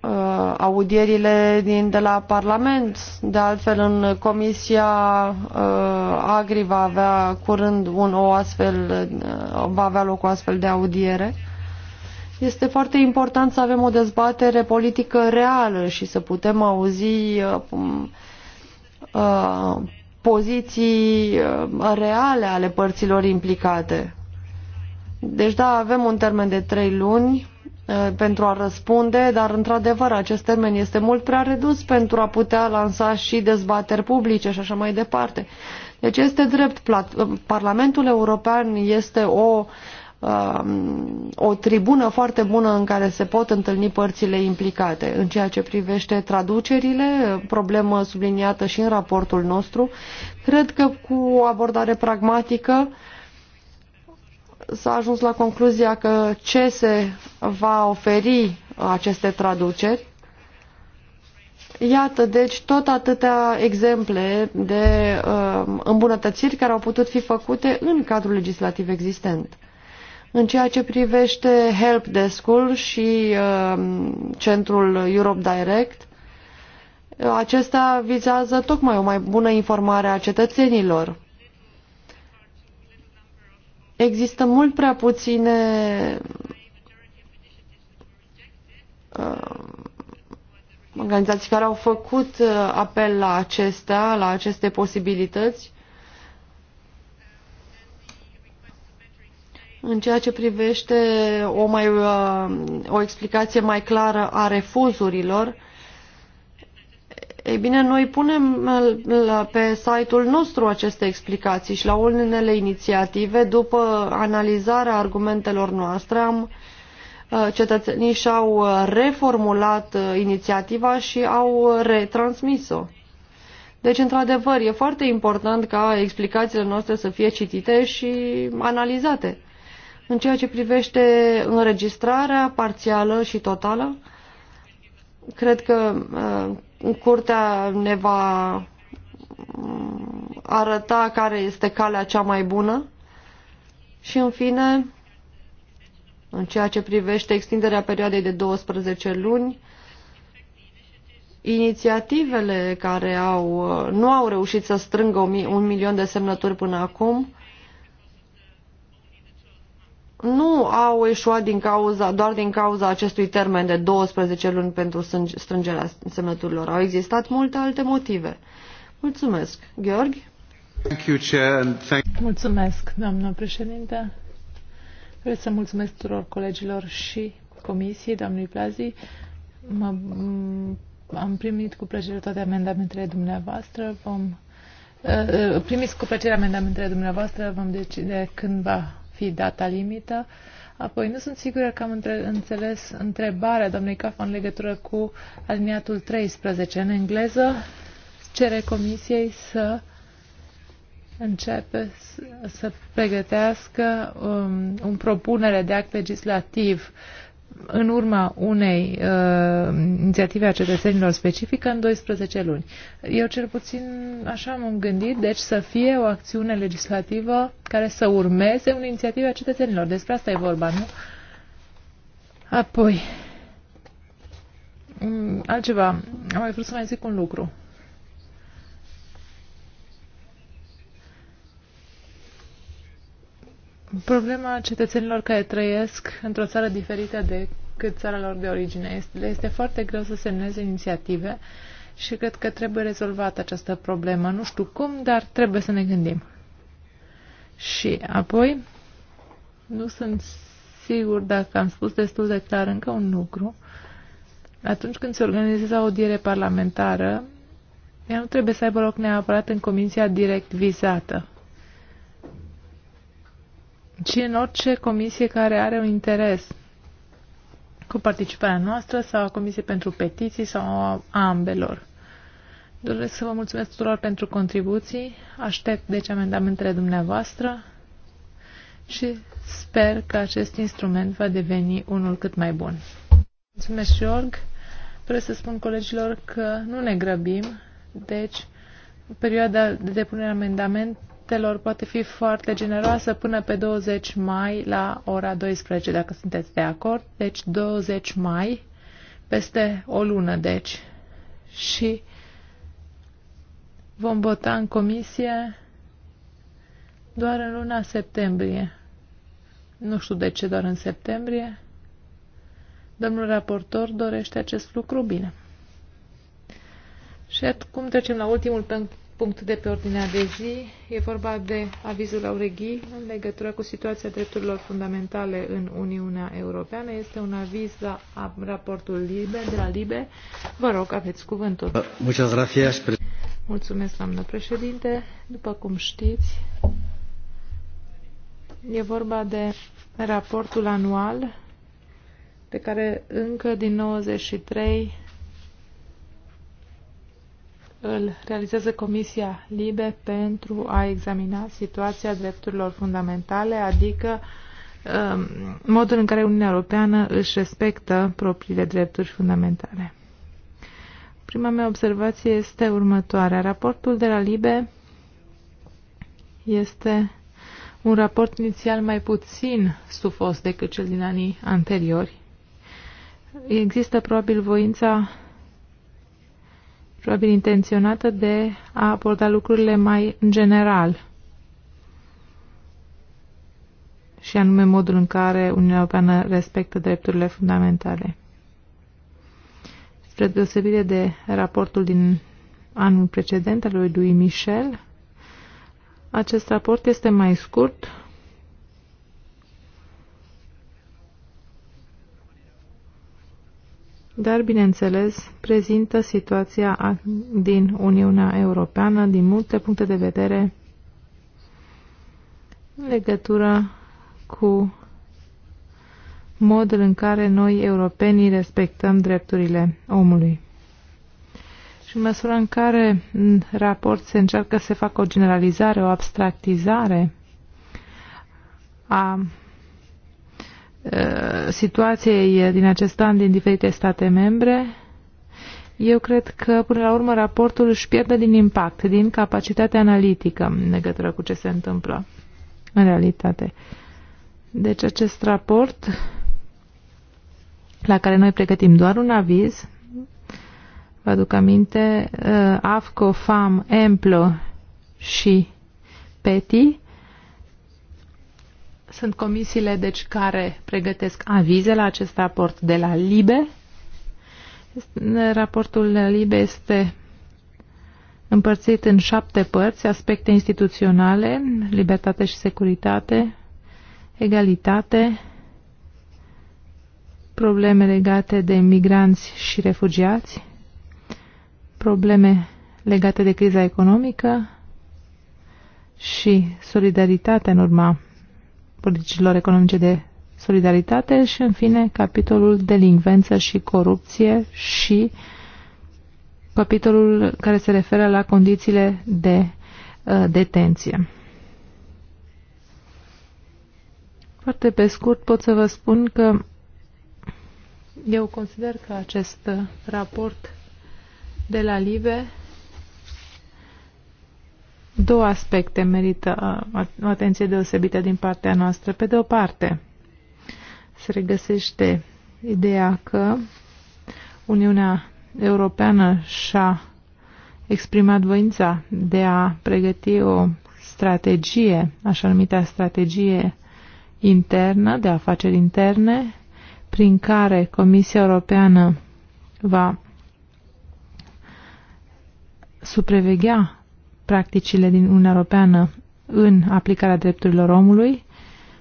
uh, audierile din, de la Parlament, de altfel în Comisia uh, Agri va avea curând un, o astfel, uh, va avea loc o astfel de audiere. Este foarte important să avem o dezbatere politică reală și să putem auzi uh, uh, poziții uh, reale ale părților implicate. Deci da, avem un termen de trei luni pentru a răspunde, dar într-adevăr acest termen este mult prea redus pentru a putea lansa și dezbateri publice și așa mai departe. Deci este drept, Parlamentul European este o uh, Um, o tribună foarte bună în care se pot întâlni părțile implicate. În ceea ce privește traducerile, problemă subliniată și în raportul nostru, cred că cu o abordare pragmatică s-a ajuns la concluzia că ce se va oferi aceste traduceri. Iată, deci, tot atâtea exemple de uh, îmbunătățiri care au putut fi făcute în cadrul legislativ existent. În ceea ce privește Help Desk-ul și uh, centrul Europe Direct, acesta vizează tocmai o mai bună informare a cetățenilor. Există mult prea puține uh, organizații care au făcut uh, apel la acestea, la aceste posibilități În ceea ce privește o, mai, uh, o explicație mai clară a refuzurilor, ei bine, noi punem uh, pe site-ul nostru aceste explicații și la unele inițiative, după analizarea argumentelor noastre, am, uh, cetățenii și-au reformulat inițiativa și au retransmis-o. Deci, într-adevăr, e foarte important ca explicațiile noastre să fie citite și analizate. În ceea ce privește înregistrarea parțială și totală, cred că uh, curtea ne va mm, arăta care este calea cea mai bună și, în fine, în ceea ce privește extinderea perioadei de 12 luni, inițiativele care au, uh, nu au reușit să strângă un milion de semnături până acum nu au eșuat din cauza, doar din cauza acestui termen de 12 luni pentru strângerea semnăturilor. Au existat multe alte motive. Mulțumesc. Gheorghe? Mulțumesc, doamnă președinte. Vreau să mulțumesc tuturor colegilor și comisiei, doamnului Plazi. Mă, am primit cu plăcere toate amendamentele dumneavoastră. Vom, uh, uh, primiți cu plăcere amendamentele dumneavoastră. Vom decide când va fi data limită. Apoi, nu sunt sigură că am între, înțeles întrebarea domnului Cafa în legătură cu aliniatul 13. În engleză cere comisiei să începe să, să pregătească um, un propunere de act legislativ uh, în urma unei uh, inițiative a cetățenilor specifică în 12 luni. Eu cel puțin așa m-am gândit, deci să fie o acțiune legislativă care să urmeze o inițiativă a cetățenilor. Despre asta e vorba, nu? Apoi, mm, altceva, am mai vrut să mai zic un lucru. Problema cetățenilor care trăiesc într-o țară diferită cât țara lor de origine este, este foarte greu să semneze inițiative și cred că trebuie rezolvată această problemă. Nu știu cum, dar trebuie să ne gândim. Și apoi, nu sunt sigur dacă am spus destul de clar încă un lucru. Atunci când se organizează o audiere parlamentară, ea nu trebuie să aibă loc neapărat în comisia direct vizată ci în orice comisie care are un interes cu participarea noastră sau a Comisiei pentru Petiții sau a ambelor. Doresc să vă mulțumesc tuturor pentru contribuții, aștept deci amendamentele dumneavoastră și sper că acest instrument va deveni unul cât mai bun. Mulțumesc, Jorg. Vreau să spun colegilor că nu ne grăbim, deci perioada de depunere amendament proiectelor poate fi foarte generoasă până pe 20 mai la ora 12, dacă sunteți de acord. Deci 20 mai, peste o lună, deci. Și vom vota în comisie doar în luna septembrie. Nu știu de ce doar în septembrie. Domnul raportor dorește acest lucru bine. Și acum trecem la ultimul punct punct de pe ordinea de zi. E vorba de avizul Aureghi în legătură cu situația drepturilor fundamentale în Uniunea Europeană. Este un aviz la raportul LIBE, de la LIBE. Vă rog, aveți cuvântul. Mulțumesc, doamnă președinte. După cum știți, e vorba de raportul anual pe care încă din 93 îl realizează Comisia Libe pentru a examina situația drepturilor fundamentale, adică um, modul în care Uniunea Europeană își respectă propriile drepturi fundamentale. Prima mea observație este următoarea. Raportul de la Libe este un raport inițial mai puțin sufos decât cel din anii anteriori. Există probabil voința probabil intenționată de a aborda lucrurile mai în general. și anume modul în care Uniunea Europeană respectă drepturile fundamentale. Spre deosebire de raportul din anul precedent al lui Michel, acest raport este mai scurt, dar, bineînțeles, prezintă situația din Uniunea Europeană din multe puncte de vedere în legătură cu modul în care noi, europenii, respectăm drepturile omului. Și în măsura în care în raport se încearcă să facă o generalizare, o abstractizare a Uh, situației din acest an din diferite state membre, eu cred că, până la urmă, raportul își pierde din impact, din capacitatea analitică în legătură cu ce se întâmplă în realitate. Deci acest raport, la care noi pregătim doar un aviz, vă aduc aminte, uh, AFCO, FAM, EMPLO și PETI, sunt comisiile deci care pregătesc avize la acest raport de la LIBE. Raportul LIBE este împărțit în șapte părți, aspecte instituționale, libertate și securitate, egalitate, probleme legate de migranți și refugiați, probleme legate de criza economică și solidaritatea în urma politicilor economice de solidaritate și, în fine, capitolul delinvență și corupție și capitolul care se referă la condițiile de uh, detenție. Foarte pe scurt pot să vă spun că eu consider că acest uh, raport de la LIBE Două aspecte merită uh, o atenție deosebită din partea noastră. Pe de o parte, se regăsește ideea că Uniunea Europeană și-a exprimat voința de a pregăti o strategie, așa numită strategie internă, de afaceri interne, prin care Comisia Europeană va supraveghea practicile din Uniunea Europeană în aplicarea drepturilor omului,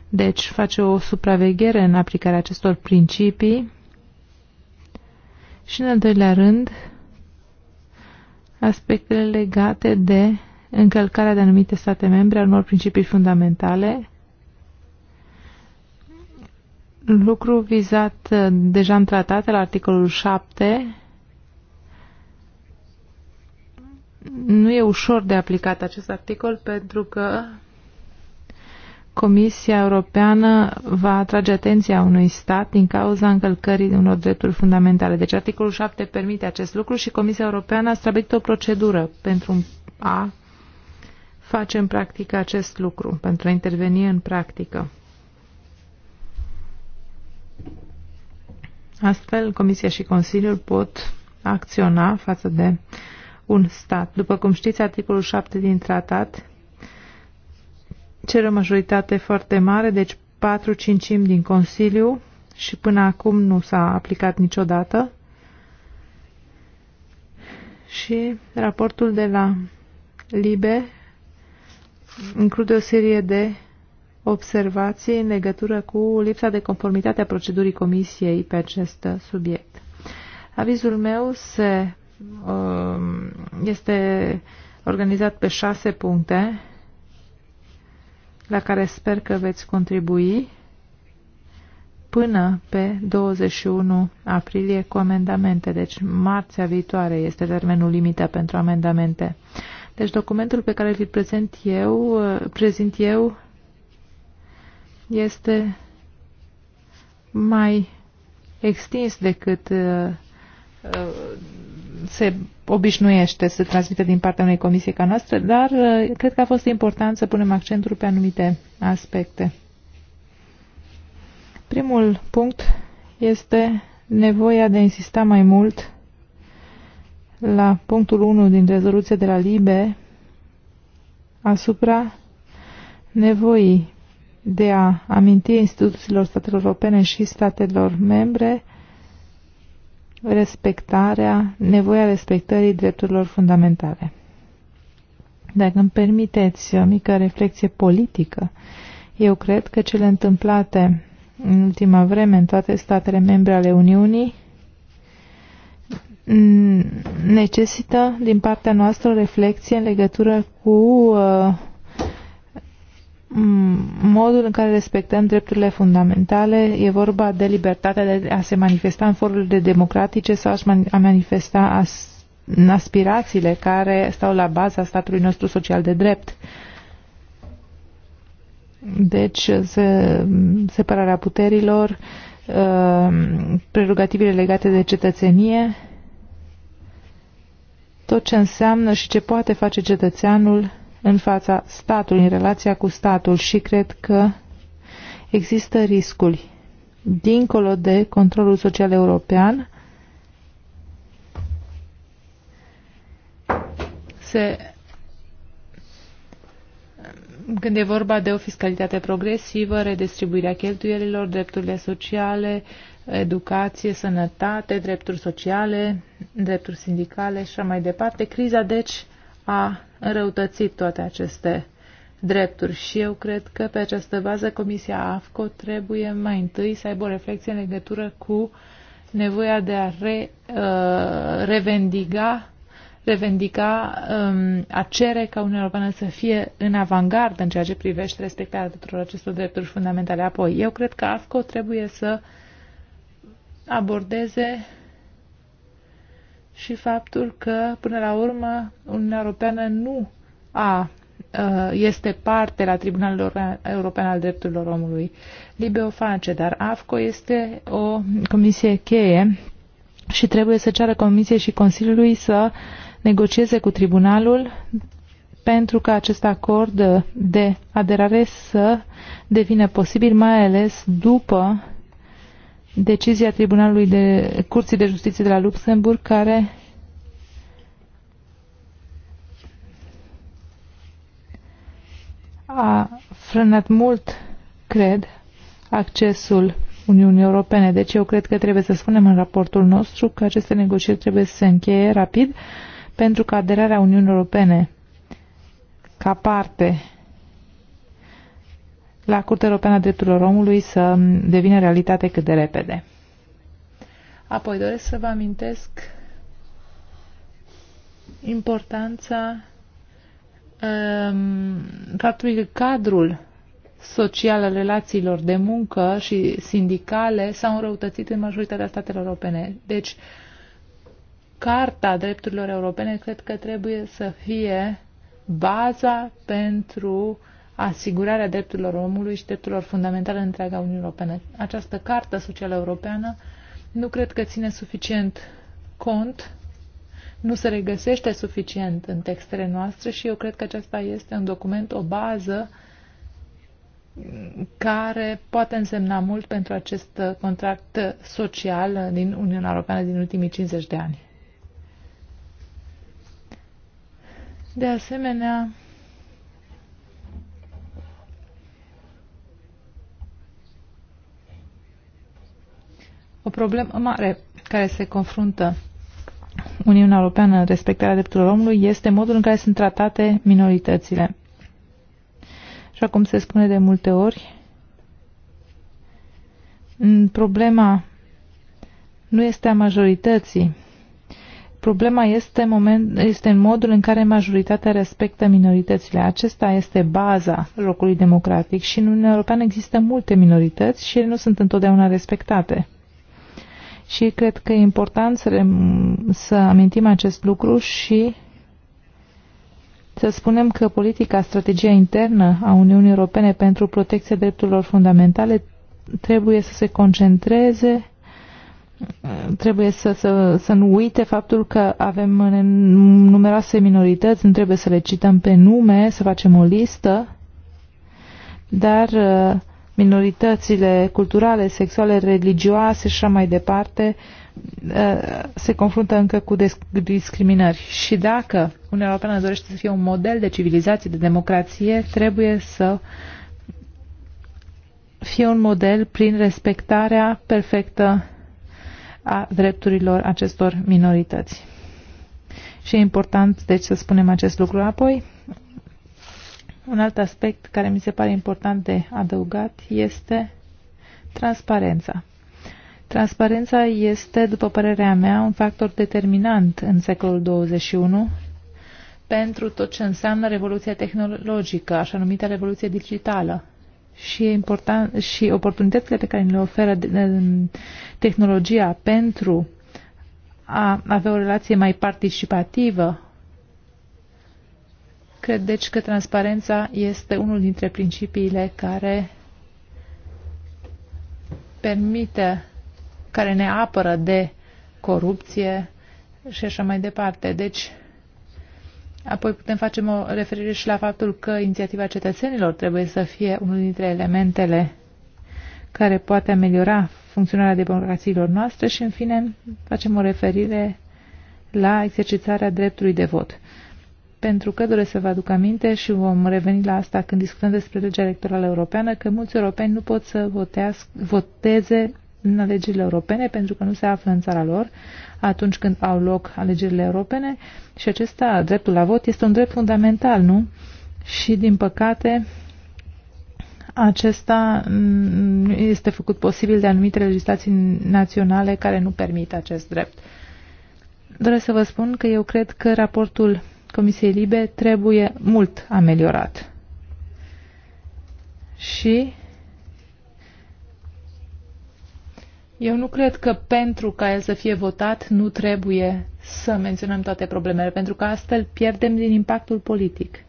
deci face o supraveghere în aplicarea acestor principii și, în al doilea rând, aspectele legate de încălcarea de anumite state membre a unor principii fundamentale, lucru vizat uh, deja în tratate la articolul 7 nu e ușor de aplicat acest articol pentru că Comisia Europeană va atrage atenția unui stat din cauza încălcării unor drepturi fundamentale. Deci articolul 7 permite acest lucru și Comisia Europeană a stabilit o procedură pentru a face în practică acest lucru, pentru a interveni în practică. Astfel, Comisia și Consiliul pot acționa față de uh, un stat. După cum știți, articolul 7 din tratat cere o majoritate foarte mare, deci 4 cincimi din Consiliu și până acum nu s-a aplicat niciodată. Și raportul de la Libe include o serie de observații în legătură cu lipsa de conformitate a procedurii Comisiei pe acest subiect. Avizul meu se Um, este organizat pe șase puncte la care sper că veți contribui până pe 21 aprilie cu amendamente. Deci marțea viitoare este termenul limită pentru amendamente. Deci documentul pe care vi prezent eu, prezint eu este mai extins decât uh, se obișnuiește să transmită din partea unei comisii ca noastră, dar uh, cred că a fost important să punem accentul pe anumite aspecte. Primul punct este nevoia de a insista mai mult la punctul 1 din rezoluție de la LIBE asupra nevoii de a aminti instituțiilor statelor europene și statelor membre respectarea, nevoia respectării drepturilor fundamentale. Dacă îmi permiteți o mică reflexie politică, eu cred că cele întâmplate în ultima vreme în toate statele membre ale Uniunii necesită din partea noastră o reflexie în legătură cu uh, modul în care respectăm drepturile fundamentale. E vorba de libertatea de a se manifesta în forurile democratice sau a manifesta as aspirațiile care stau la baza statului nostru social de drept. Deci, se, separarea puterilor, uh, prerogativele legate de cetățenie, tot ce înseamnă și ce poate face cetățeanul în fața statului, în relația cu statul și cred că există riscuri dincolo de controlul social european se când e vorba de o fiscalitate progresivă, redistribuirea cheltuielilor, drepturile sociale, educație, sănătate, drepturi sociale, drepturi sindicale și așa mai departe. Criza, deci, a înrăutățit toate aceste drepturi și eu cred că pe această bază Comisia AFCO trebuie mai întâi să aibă o reflexie în legătură cu nevoia de a re, uh, revendica, revendica um, a cere ca Uniunea Europeană să fie în avangardă în ceea ce privește respectarea tuturor acestor drepturi fundamentale. Apoi, eu cred că AFCO trebuie să abordeze și faptul că, până la urmă, Uniunea Europeană nu a, este parte la Tribunalul European al Drepturilor Omului. Libe o face, dar AFCO este o comisie cheie și trebuie să ceară Comisiei și Consiliului să negocieze cu Tribunalul pentru ca acest acord de aderare să devină posibil, mai ales după decizia Tribunalului de Curții de Justiție de la Luxemburg care a frânat mult, cred, accesul Uniunii Europene. Deci eu cred că trebuie să spunem în raportul nostru că aceste negocieri trebuie să se încheie rapid pentru că aderarea Uniunii Europene ca parte la Curtea Europeană a Drepturilor Omului să devină realitate cât de repede. Apoi doresc să vă amintesc importanța um, faptului că cadrul social al relațiilor de muncă și sindicale s-au înrăutățit în majoritatea statelor europene. Deci, Carta Drepturilor Europene cred că trebuie să fie baza pentru uh, asigurarea drepturilor omului și drepturilor fundamentale în întreaga Uniune Europeană. Această Cartă Socială Europeană nu cred că ține suficient cont, nu se regăsește suficient în textele noastre și eu cred că acesta este un document, o bază care poate însemna mult pentru acest contract social din Uniunea Europeană din ultimii 50 de ani. De asemenea, O problemă mare care se confruntă Uniunea Europeană în respectarea drepturilor omului este modul în care sunt tratate minoritățile. Și cum se spune de multe ori, problema nu este a majorității. Problema este, moment, este în modul în care majoritatea respectă minoritățile. Acesta este baza locului democratic și în Uniunea Europeană există multe minorități și ele nu sunt întotdeauna respectate. Și cred că e important să, să amintim acest lucru și să spunem că politica, strategia internă a Uniunii Europene pentru protecția drepturilor fundamentale trebuie să se concentreze, trebuie să, să, să nu uite faptul că avem numeroase minorități, nu trebuie să le cităm pe nume, să facem o listă, dar minoritățile culturale, sexuale, religioase și așa mai departe uh, se confruntă încă cu discriminări. Și dacă Uniunea Europeană dorește să fie un model de civilizație, de democrație, trebuie să fie un model prin respectarea perfectă a drepturilor acestor minorități. Și e important, deci, să spunem acest lucru. Apoi, un alt aspect care mi se pare important de adăugat este transparența. Transparența este, după părerea mea, un factor determinant în secolul 21 pentru tot ce înseamnă revoluția tehnologică, așa numită revoluție digitală. Și, e important, și oportunitățile pe care le oferă tehnologia pentru a avea o relație mai participativă Cred deci că transparența este unul dintre principiile care permite, care ne apără de corupție și așa mai departe. Deci, apoi putem face o referire și la faptul că inițiativa cetățenilor trebuie să fie unul dintre elementele care poate ameliora funcționarea democrațiilor noastre și, în fine, facem o referire la exercitarea dreptului de vot pentru că doresc să vă aduc aminte și vom reveni la asta când discutăm despre legea electorală europeană, că mulți europeni nu pot să votească, voteze în alegerile europene pentru că nu se află în țara lor atunci când au loc alegerile europene și acesta, dreptul la vot, este un drept fundamental, nu? Și, din păcate, acesta mm, este făcut posibil de anumite legislații naționale care nu permit acest drept. Doresc să vă spun că eu cred că raportul Comisiei Libe trebuie mult ameliorat. Și eu nu cred că pentru ca el să fie votat nu trebuie să menționăm toate problemele, pentru că astfel pierdem din impactul politic.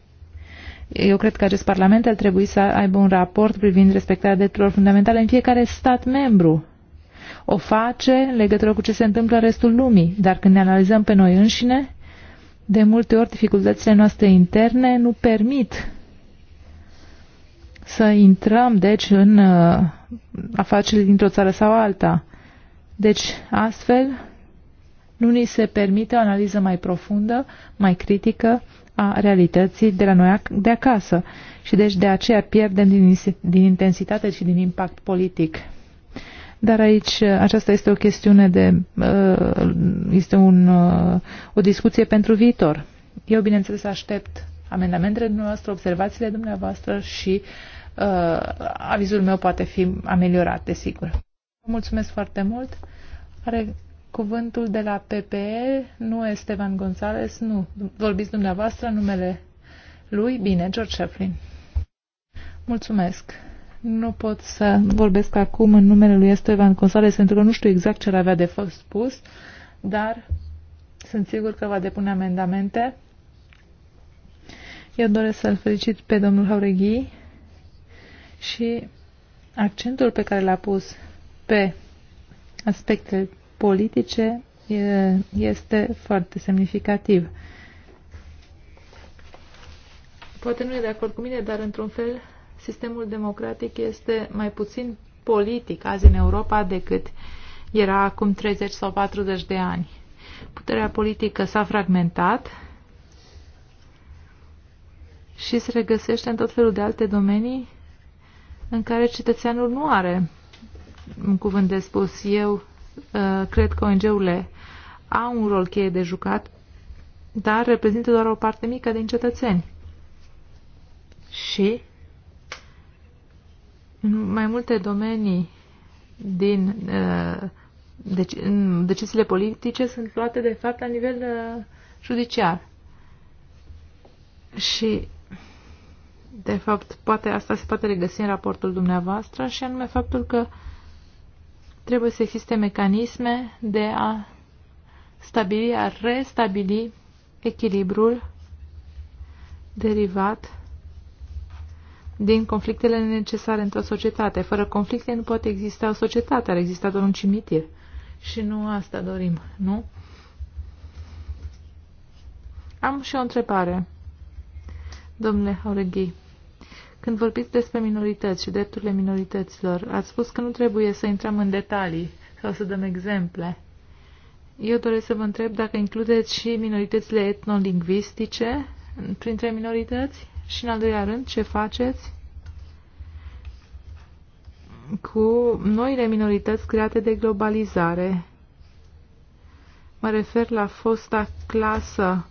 Eu cred că acest Parlament ar trebui să aibă un raport privind respectarea drepturilor fundamentale în fiecare stat membru. O face în legătură cu ce se întâmplă în restul lumii, dar când ne analizăm pe noi înșine, de multe ori, dificultățile noastre interne nu permit să intrăm, deci, în uh, afaceri dintr-o țară sau alta. Deci, astfel, nu ni se permite o analiză mai profundă, mai critică a realității de la noi de acasă. Și deci de aceea pierdem din, din intensitate și din impact politic. Dar aici aceasta este o chestiune de. Uh, este un, uh, o discuție pentru viitor. Eu, bineînțeles, aștept amendamentele dumneavoastră, observațiile dumneavoastră și uh, avizul meu poate fi ameliorat, desigur. mulțumesc foarte mult. Are cuvântul de la PPE, nu Esteban González, nu. Vorbiți dumneavoastră numele lui? Bine, George Chaplin. Mulțumesc. Nu pot să vorbesc acum în numele lui Esteban Consales, pentru că nu știu exact ce avea de spus, dar sunt sigur că va depune amendamente. Eu doresc să-l felicit pe domnul Haureghi și accentul pe care l-a pus pe aspecte politice este foarte semnificativ. Poate nu e de acord cu mine, dar într-un fel sistemul democratic este mai puțin politic azi în Europa decât era acum 30 sau 40 de ani. Puterea politică s-a fragmentat și se regăsește în tot felul de alte domenii în care cetățeanul nu are un cuvânt de spus. Eu uh, cred că ONG-urile au un rol cheie de jucat, dar reprezintă doar o parte mică din cetățeni. Și în mai multe domenii din uh, deci, deciziile politice sunt luate, de fapt, la nivel uh, judiciar. Și, de fapt, poate asta se poate regăsi în raportul dumneavoastră și anume faptul că trebuie să existe mecanisme de a stabili, a restabili echilibrul derivat din conflictele necesare într-o societate. Fără conflicte nu poate exista o societate, ar exista doar un cimitir. Și nu asta dorim, nu? Am și o întrebare, domnule Haureghi. Când vorbiți despre minorități și drepturile minorităților, ați spus că nu trebuie să intrăm în detalii sau să dăm exemple. Eu doresc să vă întreb dacă includeți și minoritățile etnolingvistice printre minorități? Și în al doilea rând, ce faceți cu noile minorități create de globalizare? Mă refer la fosta clasă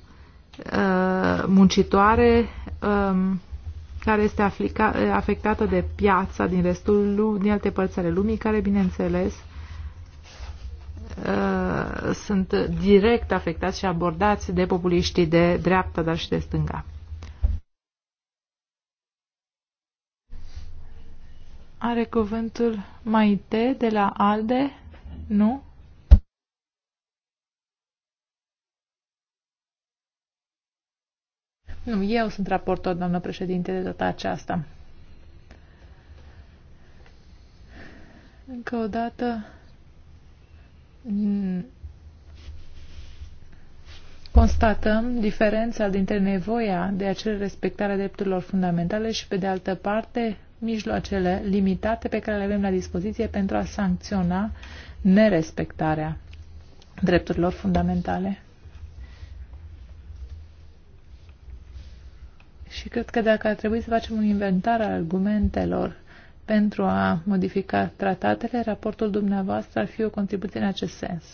uh, muncitoare um, uh, care este aflica, afectată de piața din restul din alte părți ale lumii, care, bineînțeles, uh, sunt direct afectați și abordați de populiștii de dreapta, dar și de stânga. Are cuvântul Maite de la ALDE? Nu? Nu, eu sunt raportor, doamnă președinte, de data aceasta. Încă o dată constatăm diferența dintre nevoia de a cere respectarea drepturilor fundamentale și, pe de altă parte, mijloacele limitate pe care le avem la dispoziție pentru a sancționa nerespectarea drepturilor fundamentale. Și cred că dacă ar trebui să facem un inventar al argumentelor pentru a modifica tratatele, raportul dumneavoastră ar fi o contribuție în acest sens.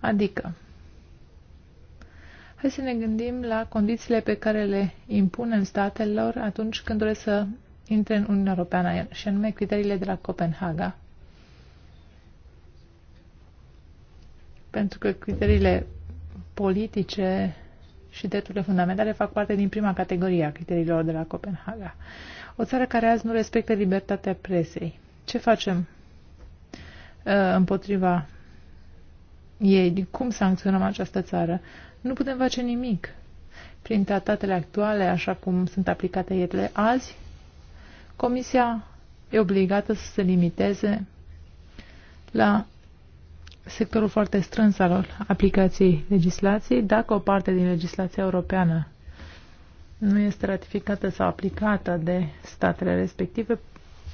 Adică, Hai să ne gândim la condițiile pe care le impunem statelor atunci când doresc să intre în Uniunea Europeană, și anume criteriile de la Copenhaga. Pentru că criteriile politice și drepturile fundamentale fac parte din prima categorie a criteriilor de la Copenhaga. O țară care azi nu respectă libertatea presei. Ce facem uh, împotriva ei? Cum sancționăm această țară? Nu putem face nimic. Prin tratatele actuale, așa cum sunt aplicate ele azi, Comisia e obligată să se limiteze la sectorul foarte strâns al aplicației legislației, dacă o parte din legislația europeană nu este ratificată sau aplicată de statele respective,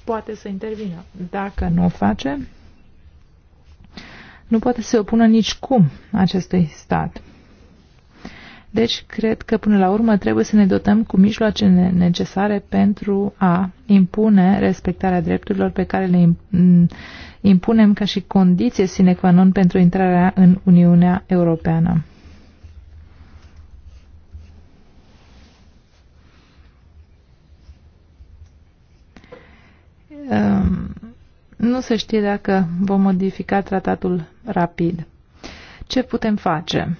poate să intervină. Dacă nu o face, nu poate să se opună nici cum acestui stat. Deci, cred că până la urmă trebuie să ne dotăm cu mijloacele necesare pentru a impune respectarea drepturilor pe care le impunem ca și condiție sine qua non pentru intrarea în Uniunea Europeană. Ehm, nu se știe dacă vom modifica tratatul rapid. Ce putem face?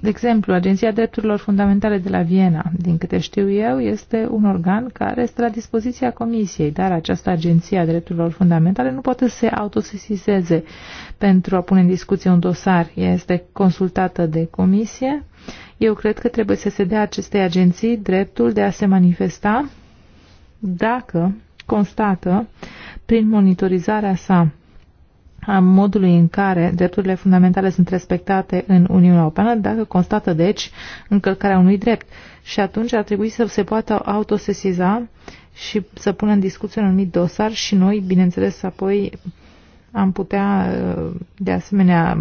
De exemplu, Agenția Drepturilor Fundamentale de la Viena, din câte știu eu, este un organ care este la dispoziția Comisiei, dar această Agenție a Drepturilor Fundamentale nu poate să se autosesizeze pentru a pune în discuție un dosar. Ea este consultată de Comisie. Eu cred că trebuie să se dea acestei agenții dreptul de a se manifesta dacă constată prin monitorizarea sa a modului în care drepturile fundamentale sunt respectate în Uniunea Europeană, dacă constată, deci, încălcarea unui drept. Și atunci ar trebui să se poată autosesiza și să pună în discuție un anumit dosar și noi, bineînțeles, apoi am putea, uh, de asemenea,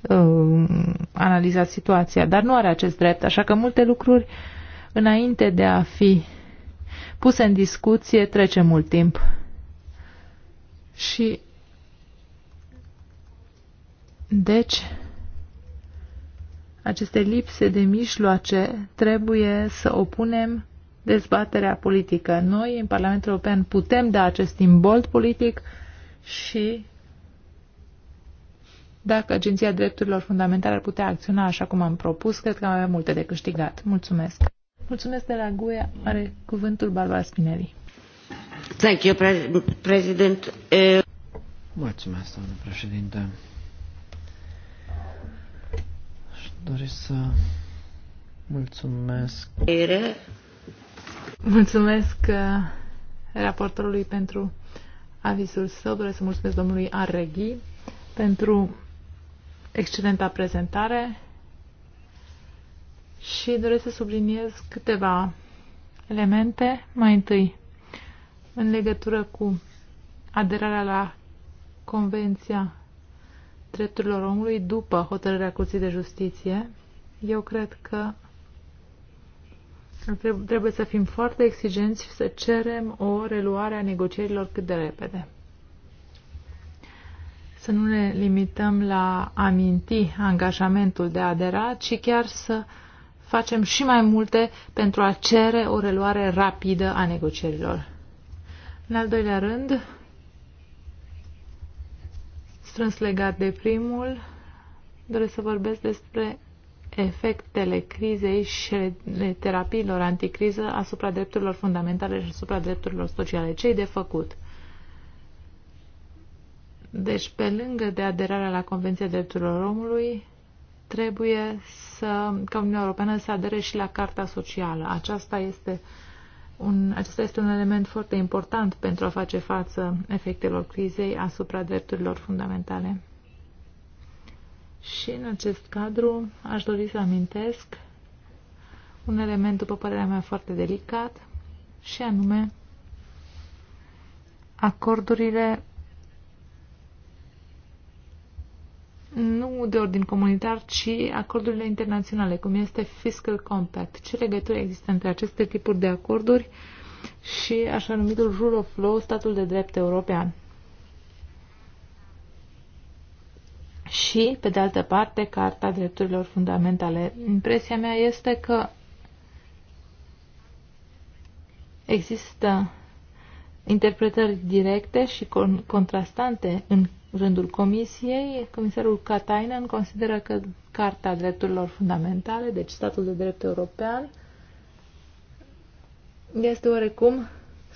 uh, analiza situația. Dar nu are acest drept, așa că multe lucruri, înainte de a fi puse în discuție, trece mult timp. Și deci, aceste lipse de mijloace trebuie să opunem dezbaterea politică. Noi, în Parlamentul European, putem da acest imbold politic și dacă Agenția Drepturilor Fundamentale ar putea acționa așa cum am propus, cred că am avea multe de câștigat. Mulțumesc! Mulțumesc de la GUE. Are cuvântul Barbara Spinelli. Thank you, President. Eh. Mulțumesc, doamnă președinte. doresc să mulțumesc. Mulțumesc uh, raportorului pentru avizul său. Doresc să mulțumesc domnului Arreghi pentru excelenta prezentare și doresc să subliniez câteva elemente. Mai întâi, în legătură cu aderarea la Convenția drepturilor omului după hotărârea Curții de Justiție, eu cred că trebuie să fim foarte exigenți și să cerem o reluare a negocierilor cât de repede. Să nu ne limităm la aminti angajamentul de a adera, ci chiar să facem și mai multe pentru a cere o reluare rapidă a negocierilor. În al doilea rând, strâns legat de primul, doresc să vorbesc despre efectele crizei și terapiilor anticriză asupra drepturilor fundamentale și asupra drepturilor sociale. Ce-i de făcut? Deci, pe lângă de aderarea la Convenția Drepturilor Omului, trebuie să, ca Uniunea Europeană să adere și la Carta Socială. Aceasta este uh, un, acesta este un element foarte important pentru a face față efectelor crizei asupra drepturilor fundamentale. Și în acest cadru aș dori să amintesc un element, după părerea mea, foarte delicat, și anume acordurile nu de ordin comunitar, ci acordurile internaționale, cum este Fiscal Compact. Ce legătură există între aceste tipuri de acorduri și așa numitul Rule of Law, statul de drept european? Și, pe de altă parte, Carta Drepturilor Fundamentale. Impresia mea este că există interpretări directe și contrastante în rândul Comisiei, comisarul Katainen consideră că Carta Drepturilor Fundamentale, deci statul de drept european, este oarecum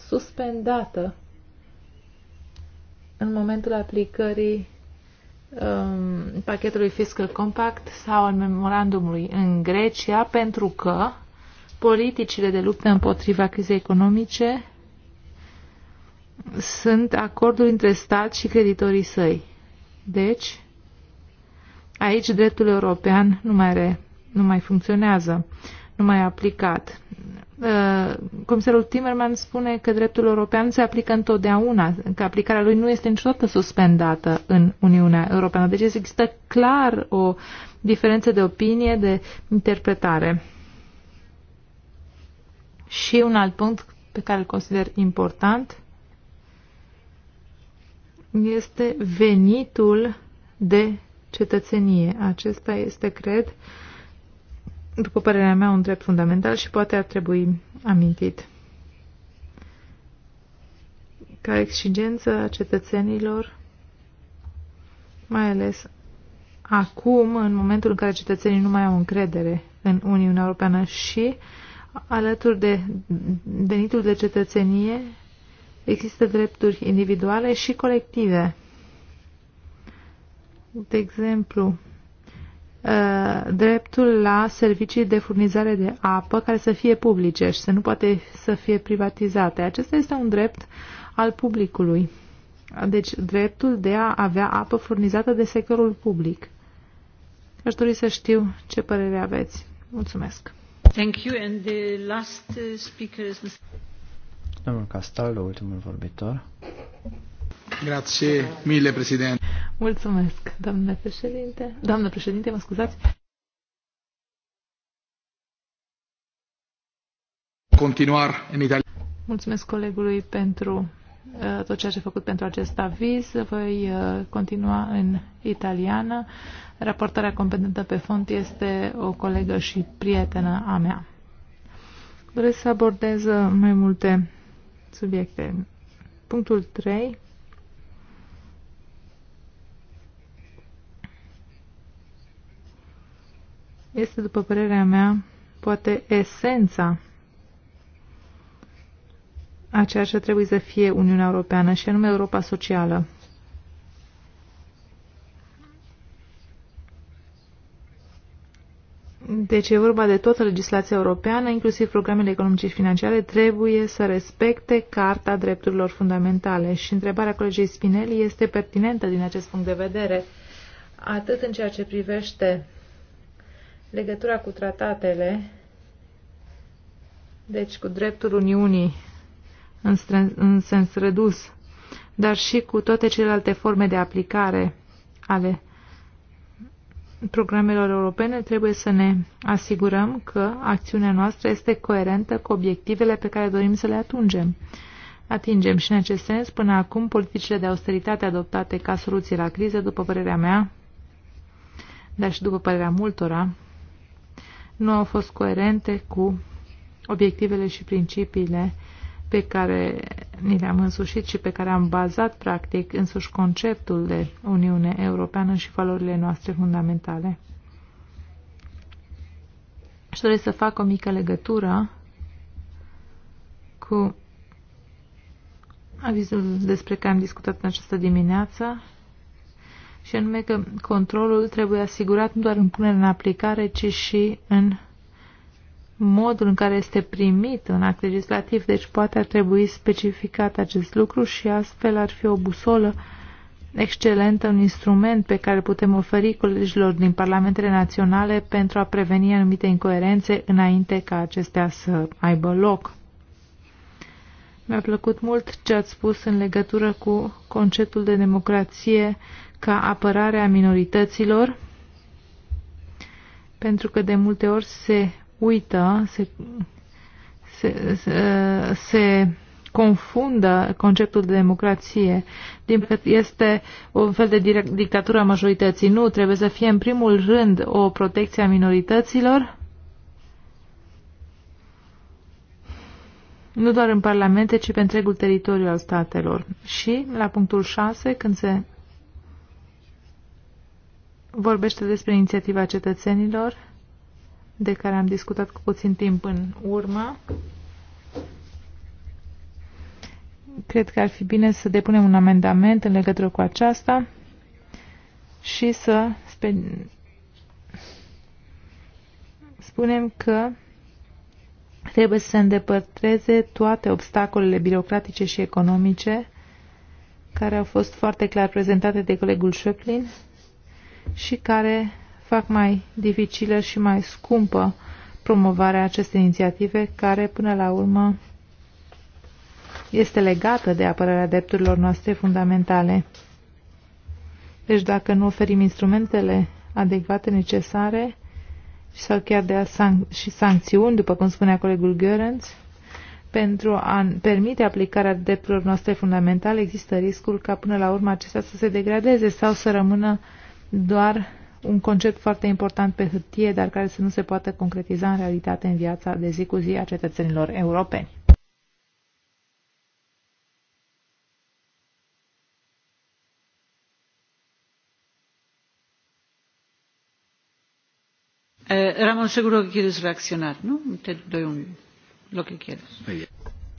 suspendată în momentul aplicării um, pachetului fiscal compact sau al memorandumului în Grecia, pentru că politicile de luptă împotriva crizei economice sunt acordul între stat și creditorii săi. Deci, aici dreptul european nu mai, re, nu mai funcționează, nu mai e aplicat. Uh, comisarul Timmerman spune că dreptul european se aplică întotdeauna, că aplicarea lui nu este niciodată suspendată în Uniunea Europeană. Deci există clar o diferență de opinie, de interpretare. Și un alt punct pe care îl consider important este venitul de cetățenie. Acesta este, cred, după părerea mea, un drept fundamental și poate ar trebui amintit. Ca exigență a cetățenilor, mai ales acum, în momentul în care cetățenii nu mai au încredere în Uniunea Europeană și alături de venitul de cetățenie Există drepturi individuale și colective. De exemplu, ă, dreptul la servicii de furnizare de apă care să fie publice și să nu poate să fie privatizate. Acesta este un drept al publicului. Deci dreptul de a avea apă furnizată de sectorul public. Aș dori să știu ce părere aveți. Mulțumesc. Thank you and the last uh, speaker is Domnul Castaldo, ultimul vorbitor. Grazie mille, Presidente. Mulțumesc, domnule președinte. Doamnă președinte, mă scuzați. Continuar în Italia. Mulțumesc colegului pentru uh, tot ceea ce a făcut pentru acest aviz. Voi uh, continua în italiană. Raportarea competentă pe fond este o colegă și prietenă a mea. Doresc să abordez uh, mai multe subiecte. Punctul 3. Este, după părerea mea, poate esența a ceea ce trebuie să fie Uniunea Europeană, și anume Europa Socială. Deci e vorba de toată legislația europeană, inclusiv programele economice și financiare, trebuie să respecte Carta Drepturilor Fundamentale. Și întrebarea colegei Spinelli este pertinentă din acest punct de vedere, atât în ceea ce privește legătura cu tratatele, deci cu dreptul Uniunii în, în sens redus, dar și cu toate celelalte forme de aplicare ale programelor europene, trebuie să ne asigurăm că acțiunea noastră este coerentă cu obiectivele pe care dorim să le atungem. Atingem și în acest sens, până acum, politicile de austeritate adoptate ca soluție la criză, după părerea mea, dar și după părerea multora, nu au fost coerente cu obiectivele și principiile pe care ni le-am însușit și pe care am bazat practic însuși conceptul de Uniune Europeană și valorile noastre fundamentale. Aș dori să fac o mică legătură cu avizul despre care am discutat în această dimineață și anume că controlul trebuie asigurat nu doar în punerea în aplicare, ci și în modul în care este primit un act legislativ, deci poate ar trebui specificat acest lucru și astfel ar fi o busolă excelentă, un instrument pe care putem oferi colegilor din parlamentele naționale pentru a preveni anumite incoerențe înainte ca acestea să aibă loc. Mi-a plăcut mult ce ați spus în legătură cu conceptul de democrație ca apărare a minorităților, pentru că de multe ori se uită, se, se, se, se confundă conceptul de democrație. Din păcate este un fel de dictatură a majorității. Nu, trebuie să fie în primul rând o protecție a minorităților, nu doar în parlamente, ci pe întregul teritoriu al statelor. Și, la punctul 6, când se vorbește despre inițiativa cetățenilor, de care am discutat cu puțin timp în urmă. Cred că ar fi bine să depunem un amendament în legătură cu aceasta și să spunem că trebuie să se îndepărteze toate obstacolele birocratice și economice care au fost foarte clar prezentate de colegul Schöplin și care fac mai dificilă și mai scumpă promovarea acestei inițiative, care până la urmă este legată de apărarea drepturilor noastre fundamentale. Deci dacă nu oferim instrumentele adecvate necesare sau chiar de a san și sancțiuni, după cum spunea colegul Görens, pentru a permite aplicarea drepturilor noastre fundamentale, există riscul ca până la urmă acestea să se degradeze sau să rămână doar un concept foarte important pe hârtie, dar care să nu se poată concretiza în realitate în viața de zi cu zi a cetățenilor europeni. Eh, Ramon, sigur că quieres reacționat, nu? Te doi un... loc că quieres.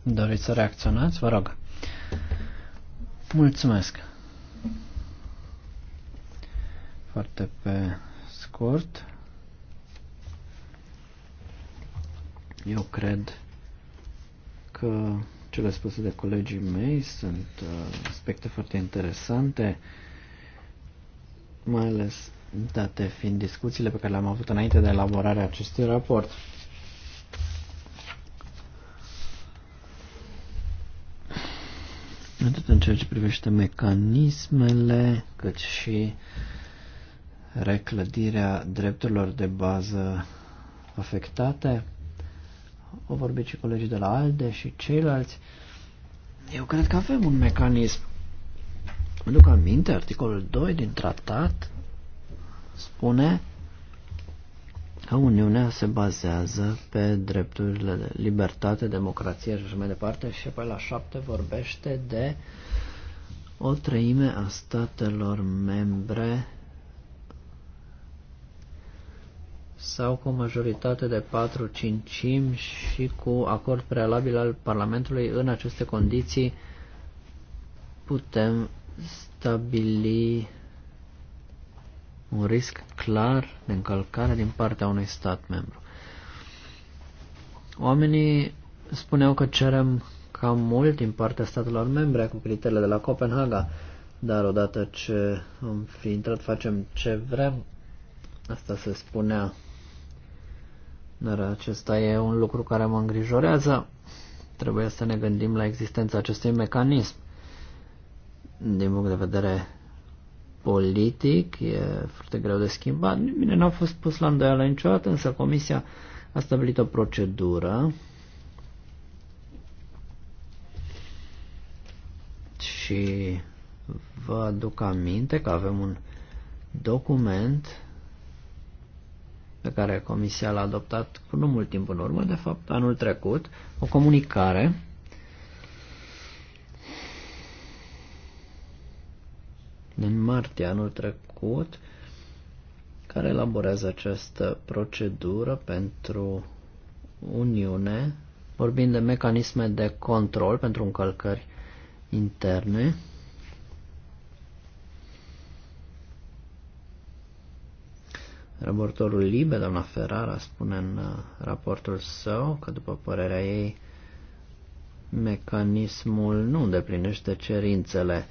Doriți să reacționați? Vă rog. Mulțumesc. Foarte pe scurt. Eu cred că cele spuse de colegii mei sunt uh, aspecte foarte interesante, mai ales date fiind discuțiile pe care le-am avut înainte de elaborarea acestui raport. Atât în ceea ce privește mecanismele, cât și reclădirea drepturilor de bază afectate. O vorbit și colegii de la ALDE și ceilalți. Eu cred că avem un mecanism. Mă duc aminte, articolul 2 din tratat spune că Uniunea se bazează pe drepturile de libertate, democrație și așa mai departe și apoi la 7 vorbește de o treime a statelor membre sau cu majoritate de 4 cincimi și cu acord prealabil al Parlamentului în aceste condiții putem stabili un risc clar de încălcare din partea unui stat membru. Oamenii spuneau că cerem cam mult din partea statelor membre cu criteriile de la Copenhaga, dar odată ce am fi intrat facem ce vrem, asta se spunea dar acesta e un lucru care mă îngrijorează. Trebuie să ne gândim la existența acestui mecanism. Din punct de vedere politic e foarte greu de schimbat. Bine, n-a fost pus la îndoială niciodată, însă Comisia a stabilit o procedură și vă aduc aminte că avem un document pe care Comisia l-a adoptat cu nu mult timp în urmă, de fapt anul trecut, o comunicare în martie anul trecut care elaborează această procedură pentru Uniune, vorbind de mecanisme de control pentru încălcări interne Raportorul liber, doamna Ferrara, spune în uh, raportul său că, după părerea ei, mecanismul nu îndeplinește cerințele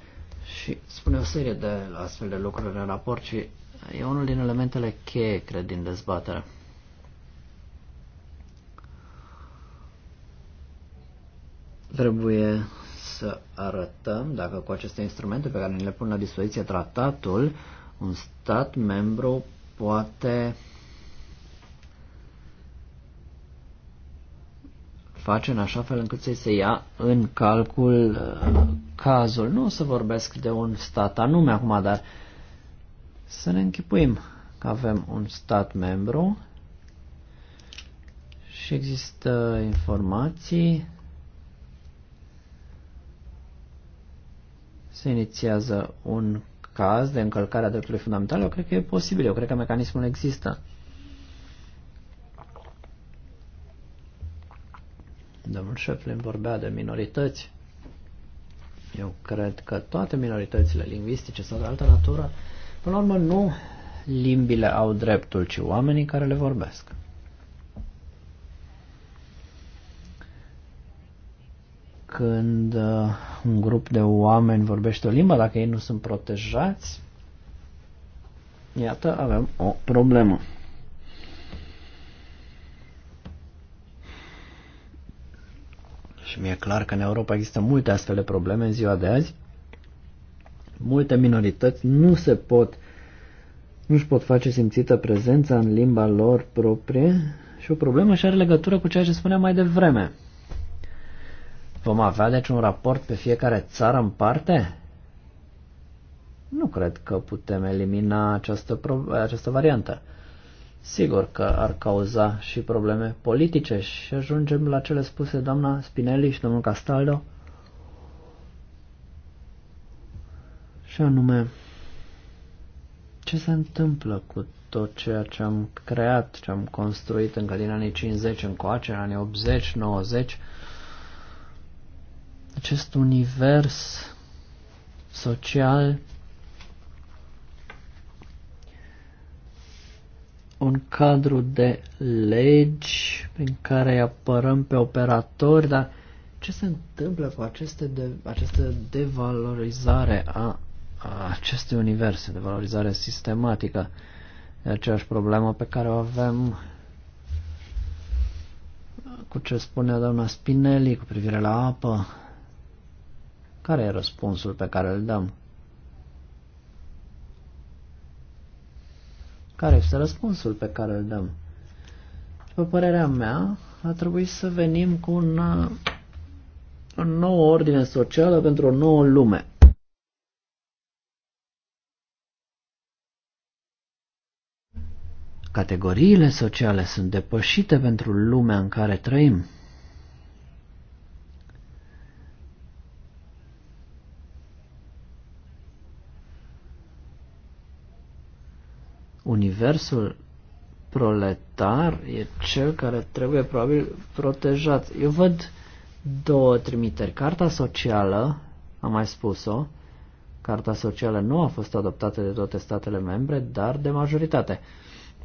și spune o serie de astfel de lucruri în raport și e unul din elementele cheie, cred, din dezbatere. Trebuie să arătăm dacă cu aceste instrumente pe care ne le pun la dispoziție tratatul, un stat membru poate face în așa fel încât să se ia în calcul uh, cazul. Nu o să vorbesc de un stat anume acum, dar să ne închipuim că avem un stat membru și există informații, se inițiază un caz de încălcare a dreptului fundamental, eu cred că e posibil, eu cred că mecanismul există. Domnul Șeflin vorbea de minorități. Eu cred că toate minoritățile lingvistice sau de altă natură, până la urmă, nu limbile au dreptul, ci oamenii care le vorbesc. când uh, un grup de oameni vorbește o limbă, dacă ei nu sunt protejați, iată, avem o problemă. Și mi-e clar că în Europa există multe astfel de probleme în ziua de azi. Multe minorități nu se pot, nu își pot face simțită prezența în limba lor proprie și o problemă și are legătură cu ceea ce spuneam mai devreme. Vom avea deci un raport pe fiecare țară în parte? Nu cred că putem elimina această, această variantă. Sigur că ar cauza și probleme politice și ajungem la cele spuse doamna Spinelli și domnul Castaldo. Și anume, ce se întâmplă cu tot ceea ce am creat, ce am construit încă din anii 50 încoace, în anii 80, 90, acest univers social un cadru de legi prin care îi apărăm pe operatori, dar ce se întâmplă cu aceste de, această devalorizare a, a acestui univers, devalorizare sistematică? E aceeași problemă pe care o avem cu ce spunea doamna Spinelli cu privire la apă, care e răspunsul pe care îl dăm? Care este răspunsul pe care îl dăm? După părerea mea, a trebuit să venim cu un o uh, nouă ordine socială pentru o nouă lume. Categoriile sociale sunt depășite pentru lumea în care trăim. universul proletar e cel care trebuie probabil protejat. Eu văd două trimiteri. Carta socială, am mai spus-o, Carta socială nu a fost adoptată de toate statele membre, dar de majoritate.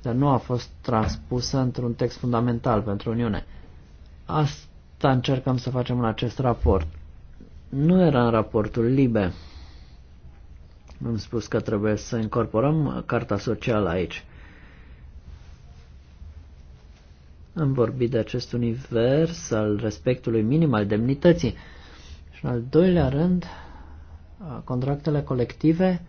Dar nu a fost transpusă într-un text fundamental pentru Uniune. Asta încercăm să facem în acest raport. Nu era în raportul liber. Am spus că trebuie să incorporăm Carta Socială aici. Am vorbit de acest univers al respectului minim, al demnității. Și în al doilea rând, contractele colective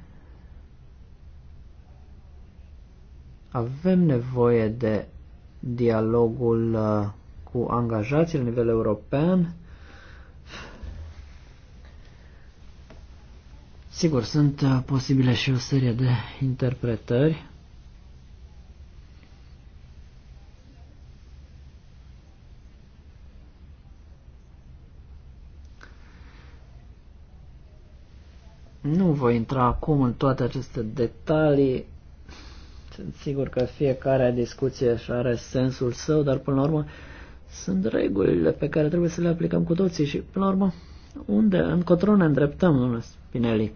avem nevoie de dialogul cu angajații la nivel european Sigur, sunt uh, posibile și o serie de interpretări. Nu voi intra acum în toate aceste detalii. Sunt sigur că fiecare discuție și are sensul său, dar până la urmă sunt regulile pe care trebuie să le aplicăm cu toții și, până la urmă, unde, încotro ne îndreptăm, domnule Spinelli?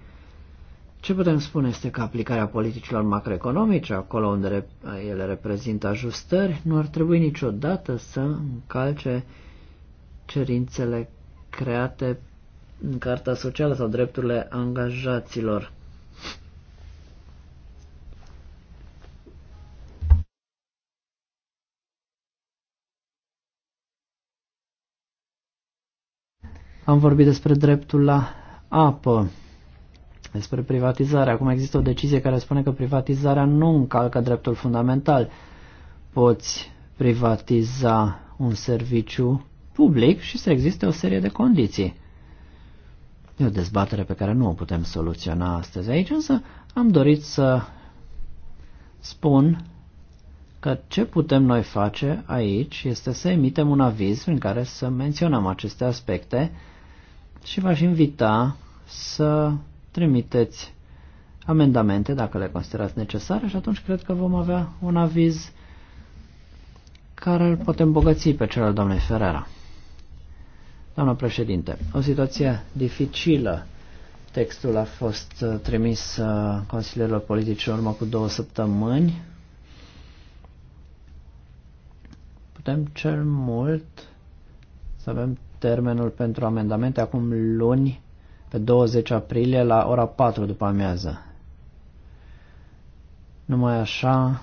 Ce putem spune este că aplicarea politicilor macroeconomice, acolo unde ele reprezintă ajustări, nu ar trebui niciodată să încalce cerințele create în Carta Socială sau drepturile angajaților. Am vorbit despre dreptul la apă despre privatizare. Acum există o decizie care spune că privatizarea nu încalcă dreptul fundamental. Poți privatiza un serviciu public și să existe o serie de condiții. E o dezbatere pe care nu o putem soluționa astăzi aici, însă am dorit să spun că ce putem noi face aici este să emitem un aviz prin care să menționăm aceste aspecte și v-aș invita să trimiteți amendamente dacă le considerați necesare și atunci cred că vom avea un aviz care îl poate îmbogăți pe cel al doamnei Ferrera. Doamna președinte, o situație dificilă. Textul a fost uh, trimis uh, consilierilor politici în urmă cu două săptămâni. Putem cel mult să avem termenul pentru amendamente acum luni pe 20 aprilie la ora 4 după amiază. Numai așa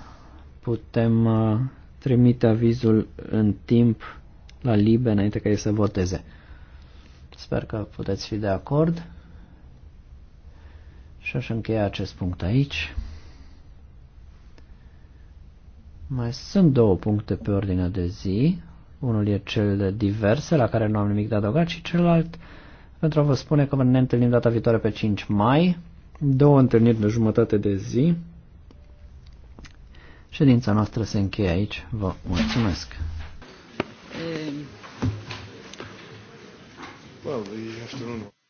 putem uh, trimite avizul în timp la Libe înainte ca ei să voteze. Sper că puteți fi de acord. Și aș încheia acest punct aici. Mai sunt două puncte pe ordinea de zi. Unul e cel de diverse, la care nu am nimic de adăugat, și celălalt pentru a vă spune că ne întâlnim data viitoare pe 5 mai, două întâlniri de jumătate de zi. Ședința noastră se încheie aici. Vă mulțumesc! Ehm. Well, to know.